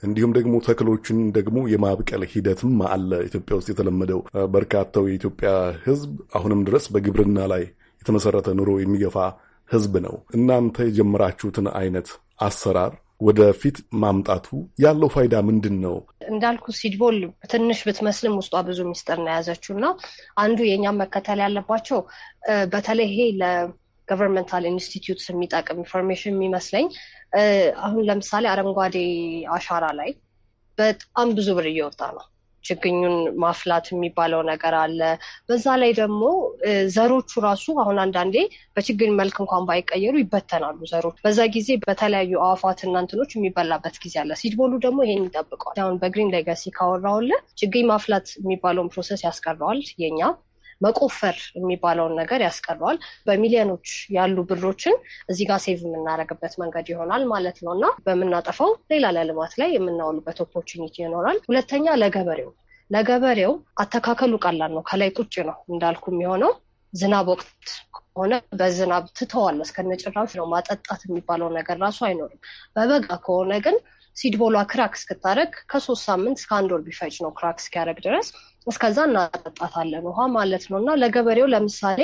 እንዲሁም ደግሞ ተክሎችን ደግሞ የማብቀል ሂደትም አለ ኢትዮጵያ ውስጥ የተለመደው። በርካታው የኢትዮጵያ ህዝብ አሁንም ድረስ በግብርና ላይ የተመሰረተ ኑሮ የሚገፋ ህዝብ ነው። እናንተ የጀመራችሁትን አይነት አሰራር ወደፊት ማምጣቱ ያለው ፋይዳ ምንድን ነው? እንዳልኩ ሲድቦል ትንሽ ብትመስልም ውስጧ ብዙ ሚስጥር ነው የያዘችው እና አንዱ የእኛም መከተል ያለባቸው በተለይ ይሄ ለገቨርንመንታል ኢንስቲትዩት የሚጠቅም ኢንፎርሜሽን የሚመስለኝ አሁን ለምሳሌ አረንጓዴ አሻራ ላይ በጣም ብዙ ብር እየወጣ ነው። ችግኙን ማፍላት የሚባለው ነገር አለ። በዛ ላይ ደግሞ ዘሮቹ ራሱ አሁን አንዳንዴ በችግኝ መልክ እንኳን ባይቀየሩ ይበተናሉ ዘሮች። በዛ ጊዜ በተለያዩ አዋፋትና እንትኖች የሚበላበት ጊዜ አለ። ሲድቦሉ ደግሞ ይሄን ይጠብቀዋል። አሁን በግሪን ሌጋሲ ካወራውለ ችግኝ ማፍላት የሚባለውን ፕሮሰስ ያስቀረዋል የኛ መቆፈር የሚባለውን ነገር ያስቀረዋል። በሚሊዮኖች ያሉ ብሮችን እዚህ ጋር ሴቭ የምናደርግበት መንገድ ይሆናል ማለት ነው እና በምናጠፋው ሌላ ለልማት ላይ የምናውልበት ኦፖርቹኒቲ ይኖራል። ሁለተኛ ለገበሬው ለገበሬው አተካከሉ ቀላል ነው። ከላይ ቁጭ ነው እንዳልኩ የሚሆነው ዝናብ ወቅት ከሆነ በዝናብ ትተዋል። እስከነጭራሽ ነው ማጠጣት የሚባለው ነገር ራሱ አይኖርም። በበጋ ከሆነ ግን ሲድቦሏ ክራክ እስክታደረግ ከሶስት ሳምንት እስከ አንድ ወር ቢፈጭ ነው ክራክ እስኪያደረግ ድረስ እስከዛ እናጠጣታለን ውሃ ማለት ነው። እና ለገበሬው ለምሳሌ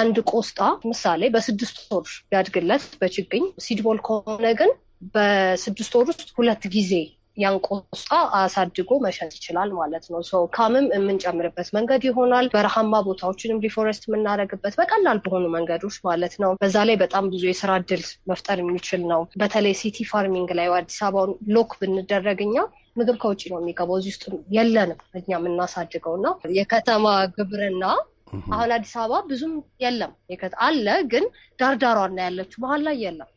አንድ ቆስጣ ምሳሌ በስድስት ወር ቢያድግለት በችግኝ ሲድቦል ከሆነ ግን በስድስት ወር ውስጥ ሁለት ጊዜ ያን ቆስጣ አሳድጎ መሸጥ ይችላል ማለት ነው። ሰው ካምም የምንጨምርበት መንገድ ይሆናል። በረሃማ ቦታዎችንም ሪፎረስት የምናደርግበት በቀላል በሆኑ መንገዶች ማለት ነው። በዛ ላይ በጣም ብዙ የስራ እድል መፍጠር የሚችል ነው። በተለይ ሲቲ ፋርሚንግ ላይ አዲስ አበባን ሎክ ብንደረግኛ ምግብ ከውጭ ነው የሚገባው። እዚህ ውስጥ የለንም እኛ የምናሳድገው እና የከተማ ግብርና አሁን አዲስ አበባ ብዙም የለም አለ፣ ግን ዳርዳሯና ያለችው መሀል ላይ የለም።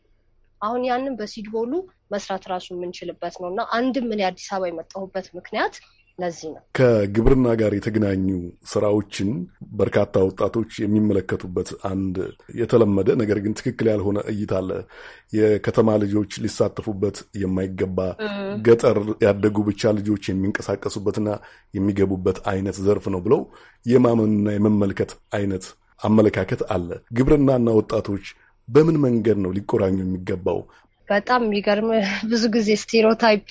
አሁን ያንን በሲድቦሉ መስራት ራሱ የምንችልበት ነው እና አንድም እኔ አዲስ አበባ የመጣሁበት ምክንያት ለዚህ ነው ከግብርና ጋር የተገናኙ ስራዎችን በርካታ ወጣቶች የሚመለከቱበት አንድ የተለመደ ነገር ግን ትክክል ያልሆነ እይታ አለ። የከተማ ልጆች ሊሳተፉበት የማይገባ ገጠር ያደጉ ብቻ ልጆች የሚንቀሳቀሱበትና የሚገቡበት አይነት ዘርፍ ነው ብለው የማመንና የመመልከት አይነት አመለካከት አለ። ግብርናና ወጣቶች በምን መንገድ ነው ሊቆራኙ የሚገባው? በጣም የሚገርም ብዙ ጊዜ ስቴሪዮታይፕ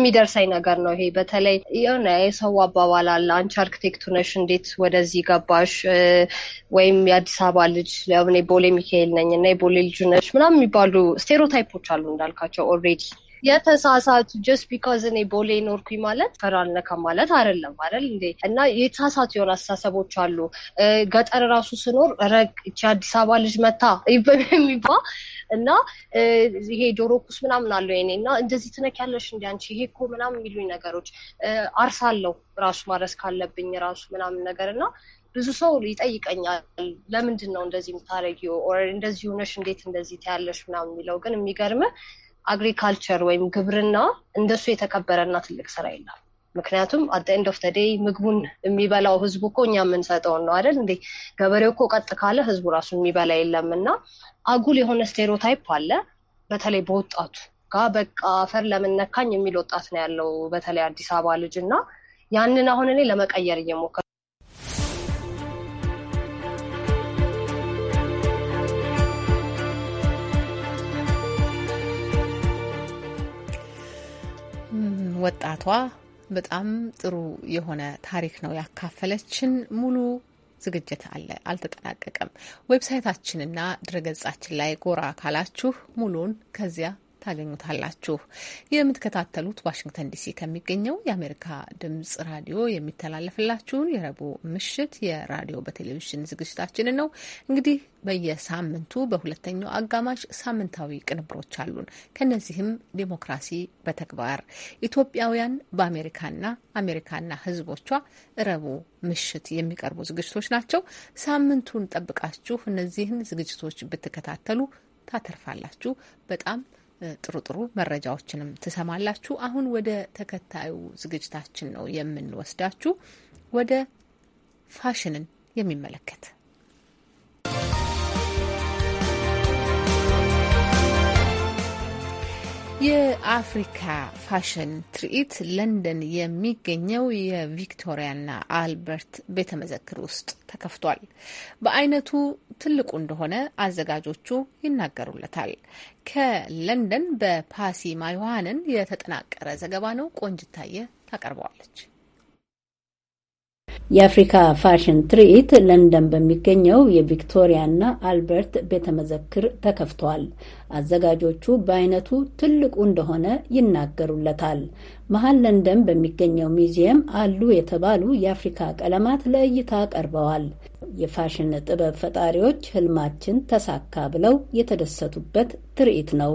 የሚደርሰኝ ነገር ነው። ይሄ በተለይ የሆነ የሰው አባባል አለ፣ አንቺ አርክቴክቱ ነሽ እንዴት ወደዚህ ገባሽ? ወይም የአዲስ አበባ ልጅ ለኔ ቦሌ ሚካኤል ነኝ እና የቦሌ ልጁ ነሽ ምናምን የሚባሉ ስቴሮታይፖች አሉ እንዳልካቸው ኦልሬዲ የተሳሳቱ ጀስት ቢካዝ እኔ ቦሌ ኖርኩኝ ማለት ፈራልነካ ማለት አይደለም አይደል እንዴ? እና የተሳሳቱ የሆነ አስተሳሰቦች አሉ። ገጠር ራሱ ስኖር ረግ እቺ አዲስ አበባ ልጅ መታ የሚባ እና ይሄ ጆሮ ኩስ ምናምን አለው የኔ እና እንደዚህ ትነክ ያለሽ እንዲ አንቺ ይሄ እኮ ምናምን የሚሉኝ ነገሮች አርሳለሁ ራሱ ማድረስ ካለብኝ ራሱ ምናምን ነገር እና ብዙ ሰው ይጠይቀኛል። ለምንድን ነው እንደዚህ የምታደርጊው? ኦር እንደዚህ ሆነሽ እንዴት እንደዚህ ታያለሽ ምናምን የሚለው ግን የሚገርም አግሪካልቸር ወይም ግብርና እንደሱ የተከበረና ትልቅ ስራ የለም። ምክንያቱም አት ኤንድ ኦፍ ተደይ ምግቡን የሚበላው ህዝቡ እኮ እኛ የምንሰጠውን ነው አይደል እንዴ? ገበሬው እኮ ቀጥ ካለ ህዝቡ ራሱ የሚበላ የለም። እና አጉል የሆነ ስቴሮታይፕ አለ፣ በተለይ በወጣቱ ጋ በቃ አፈር ለምነካኝ የሚል ወጣት ነው ያለው፣ በተለይ አዲስ አበባ ልጅ እና ያንን አሁን እኔ ለመቀየር እየሞከ ወጣቷ በጣም ጥሩ የሆነ ታሪክ ነው ያካፈለችን። ሙሉ ዝግጅት አለ፣ አልተጠናቀቀም። ዌብሳይታችንና ድረገጻችን ላይ ጎራ ካላችሁ ሙሉን ከዚያ ታገኙታላችሁ። የምትከታተሉት ዋሽንግተን ዲሲ ከሚገኘው የአሜሪካ ድምጽ ራዲዮ የሚተላለፍላችሁን የረቡዕ ምሽት የራዲዮ በቴሌቪዥን ዝግጅታችንን ነው። እንግዲህ በየሳምንቱ በሁለተኛው አጋማሽ ሳምንታዊ ቅንብሮች አሉን። ከነዚህም ዲሞክራሲ በተግባር ኢትዮጵያውያን በአሜሪካና አሜሪካና ሕዝቦቿ ረቡዕ ምሽት የሚቀርቡ ዝግጅቶች ናቸው። ሳምንቱን ጠብቃችሁ እነዚህን ዝግጅቶች ብትከታተሉ ታተርፋላችሁ። በጣም ጥሩ ጥሩ መረጃዎችንም ትሰማላችሁ። አሁን ወደ ተከታዩ ዝግጅታችን ነው የምንወስዳችሁ ወደ ፋሽንን የሚመለከት የአፍሪካ ፋሽን ትርኢት ለንደን የሚገኘው የቪክቶሪያና አልበርት ቤተ መዘክር ውስጥ ተከፍቷል። በአይነቱ ትልቁ እንደሆነ አዘጋጆቹ ይናገሩለታል። ከለንደን በፓሲ ማይዋንን የተጠናቀረ ዘገባ ነው። ቆንጅታየ ታቀርበዋለች። የአፍሪካ ፋሽን ትርኢት ለንደን በሚገኘው የቪክቶሪያና አልበርት ቤተ መዘክር ተከፍቷል። አዘጋጆቹ በአይነቱ ትልቁ እንደሆነ ይናገሩለታል። መሀል ለንደን በሚገኘው ሚዚየም አሉ የተባሉ የአፍሪካ ቀለማት ለእይታ ቀርበዋል። የፋሽን ጥበብ ፈጣሪዎች ሕልማችን ተሳካ ብለው የተደሰቱበት ትርኢት ነው።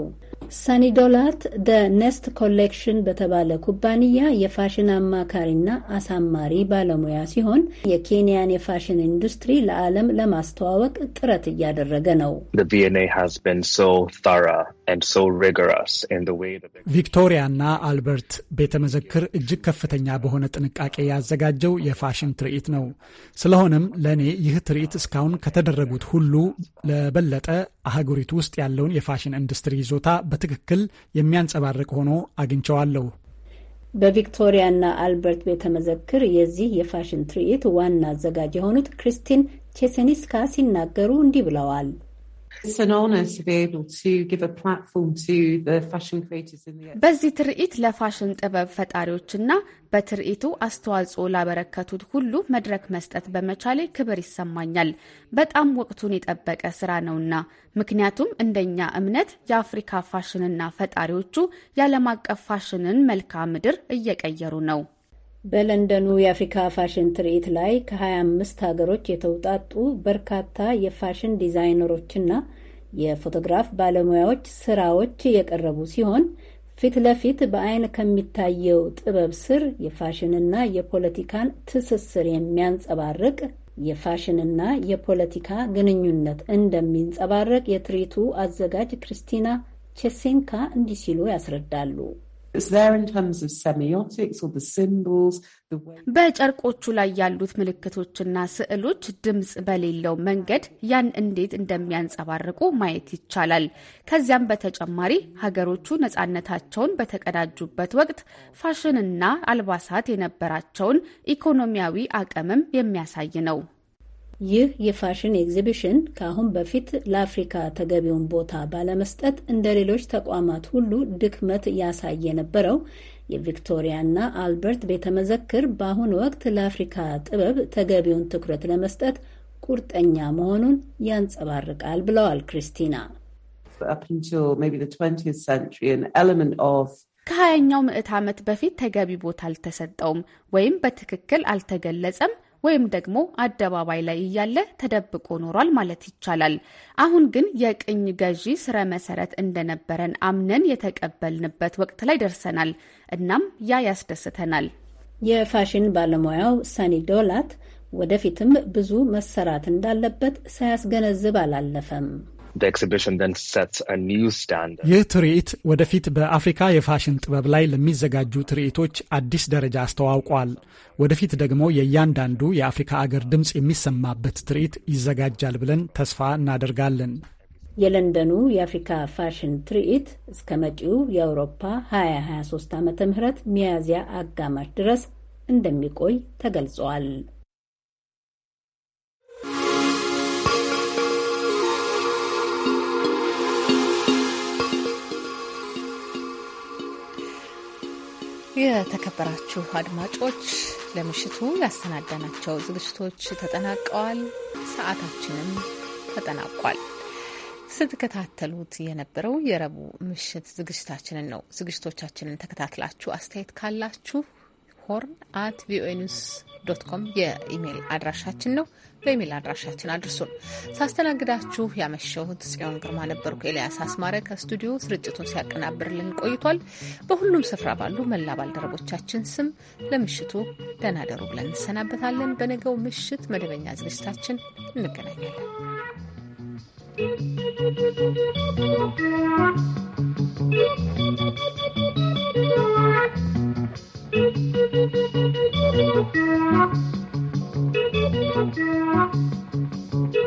ሳኒዶላት ደ ኔስት ኮሌክሽን በተባለ ኩባንያ የፋሽን አማካሪና አሳማሪ ባለሙያ ሲሆን የኬንያን የፋሽን ኢንዱስትሪ ለዓለም ለማስተዋወቅ ጥረት እያደረገ ነው። ቪክቶሪያና አልበርት ቤተ መዘክር እጅግ ከፍተኛ በሆነ ጥንቃቄ ያዘጋጀው የፋሽን ትርኢት ነው። ስለሆነም ለእኔ ይህ ትርኢት እስካሁን ከተደረጉት ሁሉ ለበለጠ አህጉሪቱ ውስጥ ያለውን የፋሽን ኢንዱስትሪ ይዞታ በትክክል የሚያንጸባርቅ ሆኖ አግኝቸዋለሁ። በቪክቶሪያና አልበርት ቤተ መዘክር የዚህ የፋሽን ትርኢት ዋና አዘጋጅ የሆኑት ክሪስቲን ቼሴኒስካ ሲናገሩ እንዲህ ብለዋል። በዚህ ትርኢት ለፋሽን ጥበብ ፈጣሪዎችና በትርኢቱ አስተዋጽኦ ላበረከቱት ሁሉ መድረክ መስጠት በመቻሌ ክብር ይሰማኛል። በጣም ወቅቱን የጠበቀ ስራ ነውና፣ ምክንያቱም እንደኛ እምነት የአፍሪካ ፋሽንና ፈጣሪዎቹ የዓለም አቀፍ ፋሽንን መልክዓ ምድር እየቀየሩ ነው። በለንደኑ የአፍሪካ ፋሽን ትርኢት ላይ ከ25 ሀገሮች የተውጣጡ በርካታ የፋሽን ዲዛይነሮችና የፎቶግራፍ ባለሙያዎች ስራዎች የቀረቡ ሲሆን ፊት ለፊት በአይን ከሚታየው ጥበብ ስር የፋሽንና የፖለቲካን ትስስር የሚያንጸባርቅ የፋሽንና የፖለቲካ ግንኙነት እንደሚንጸባረቅ የትርኢቱ አዘጋጅ ክርስቲና ቼሴንካ እንዲህ ሲሉ ያስረዳሉ። በጨርቆቹ ላይ ያሉት ምልክቶችና ስዕሎች ድምፅ በሌለው መንገድ ያን እንዴት እንደሚያንጸባርቁ ማየት ይቻላል። ከዚያም በተጨማሪ ሀገሮቹ ነፃነታቸውን በተቀዳጁበት ወቅት ፋሽንና አልባሳት የነበራቸውን ኢኮኖሚያዊ አቅምም የሚያሳይ ነው። ይህ የፋሽን ኤግዚቢሽን ከአሁን በፊት ለአፍሪካ ተገቢውን ቦታ ባለመስጠት እንደ ሌሎች ተቋማት ሁሉ ድክመት ያሳይ የነበረው የቪክቶሪያና አልበርት ቤተመዘክር በአሁኑ ወቅት ለአፍሪካ ጥበብ ተገቢውን ትኩረት ለመስጠት ቁርጠኛ መሆኑን ያንጸባርቃል ብለዋል ክሪስቲና። ከሀያኛው ምዕት ዓመት በፊት ተገቢ ቦታ አልተሰጠውም ወይም በትክክል አልተገለጸም ወይም ደግሞ አደባባይ ላይ እያለ ተደብቆ ኖሯል ማለት ይቻላል። አሁን ግን የቅኝ ገዢ ስረ መሰረት እንደነበረን አምነን የተቀበልንበት ወቅት ላይ ደርሰናል። እናም ያ ያስደስተናል። የፋሽን ባለሙያው ሳኒ ዶላት ወደፊትም ብዙ መሰራት እንዳለበት ሳያስገነዝብ አላለፈም። ይህ ትርኢት ወደፊት በአፍሪካ የፋሽን ጥበብ ላይ ለሚዘጋጁ ትርኢቶች አዲስ ደረጃ አስተዋውቋል። ወደፊት ደግሞ የእያንዳንዱ የአፍሪካ አገር ድምፅ የሚሰማበት ትርኢት ይዘጋጃል ብለን ተስፋ እናደርጋለን። የለንደኑ የአፍሪካ ፋሽን ትርኢት እስከ መጪው የአውሮፓ 2023 ዓ ም ሚያዝያ አጋማሽ ድረስ እንደሚቆይ ተገልጿል። የተከበራችሁ አድማጮች ለምሽቱ ያሰናዳናቸው ዝግጅቶች ተጠናቀዋል። ሰዓታችንም ተጠናቋል። ስትከታተሉት የነበረው የረቡዕ ምሽት ዝግጅታችንን ነው። ዝግጅቶቻችንን ተከታትላችሁ አስተያየት ካላችሁ ሆርን አት ቪኦኤ ኒውስ ዶት ኮም የኢሜይል አድራሻችን ነው። በኢሜይል አድራሻችን አድርሱን። ሳስተናግዳችሁ ያመሸሁት ጽዮን ግርማ ነበርኩ። ኤልያስ አስማረ ከስቱዲዮ ስርጭቱን ሲያቀናብርልን ቆይቷል። በሁሉም ስፍራ ባሉ መላ ባልደረቦቻችን ስም ለምሽቱ ደህና ደሩ ብለን እንሰናበታለን። በነገው ምሽት መደበኛ ዝግጅታችን እንገናኛለን። Thank you. Thank you.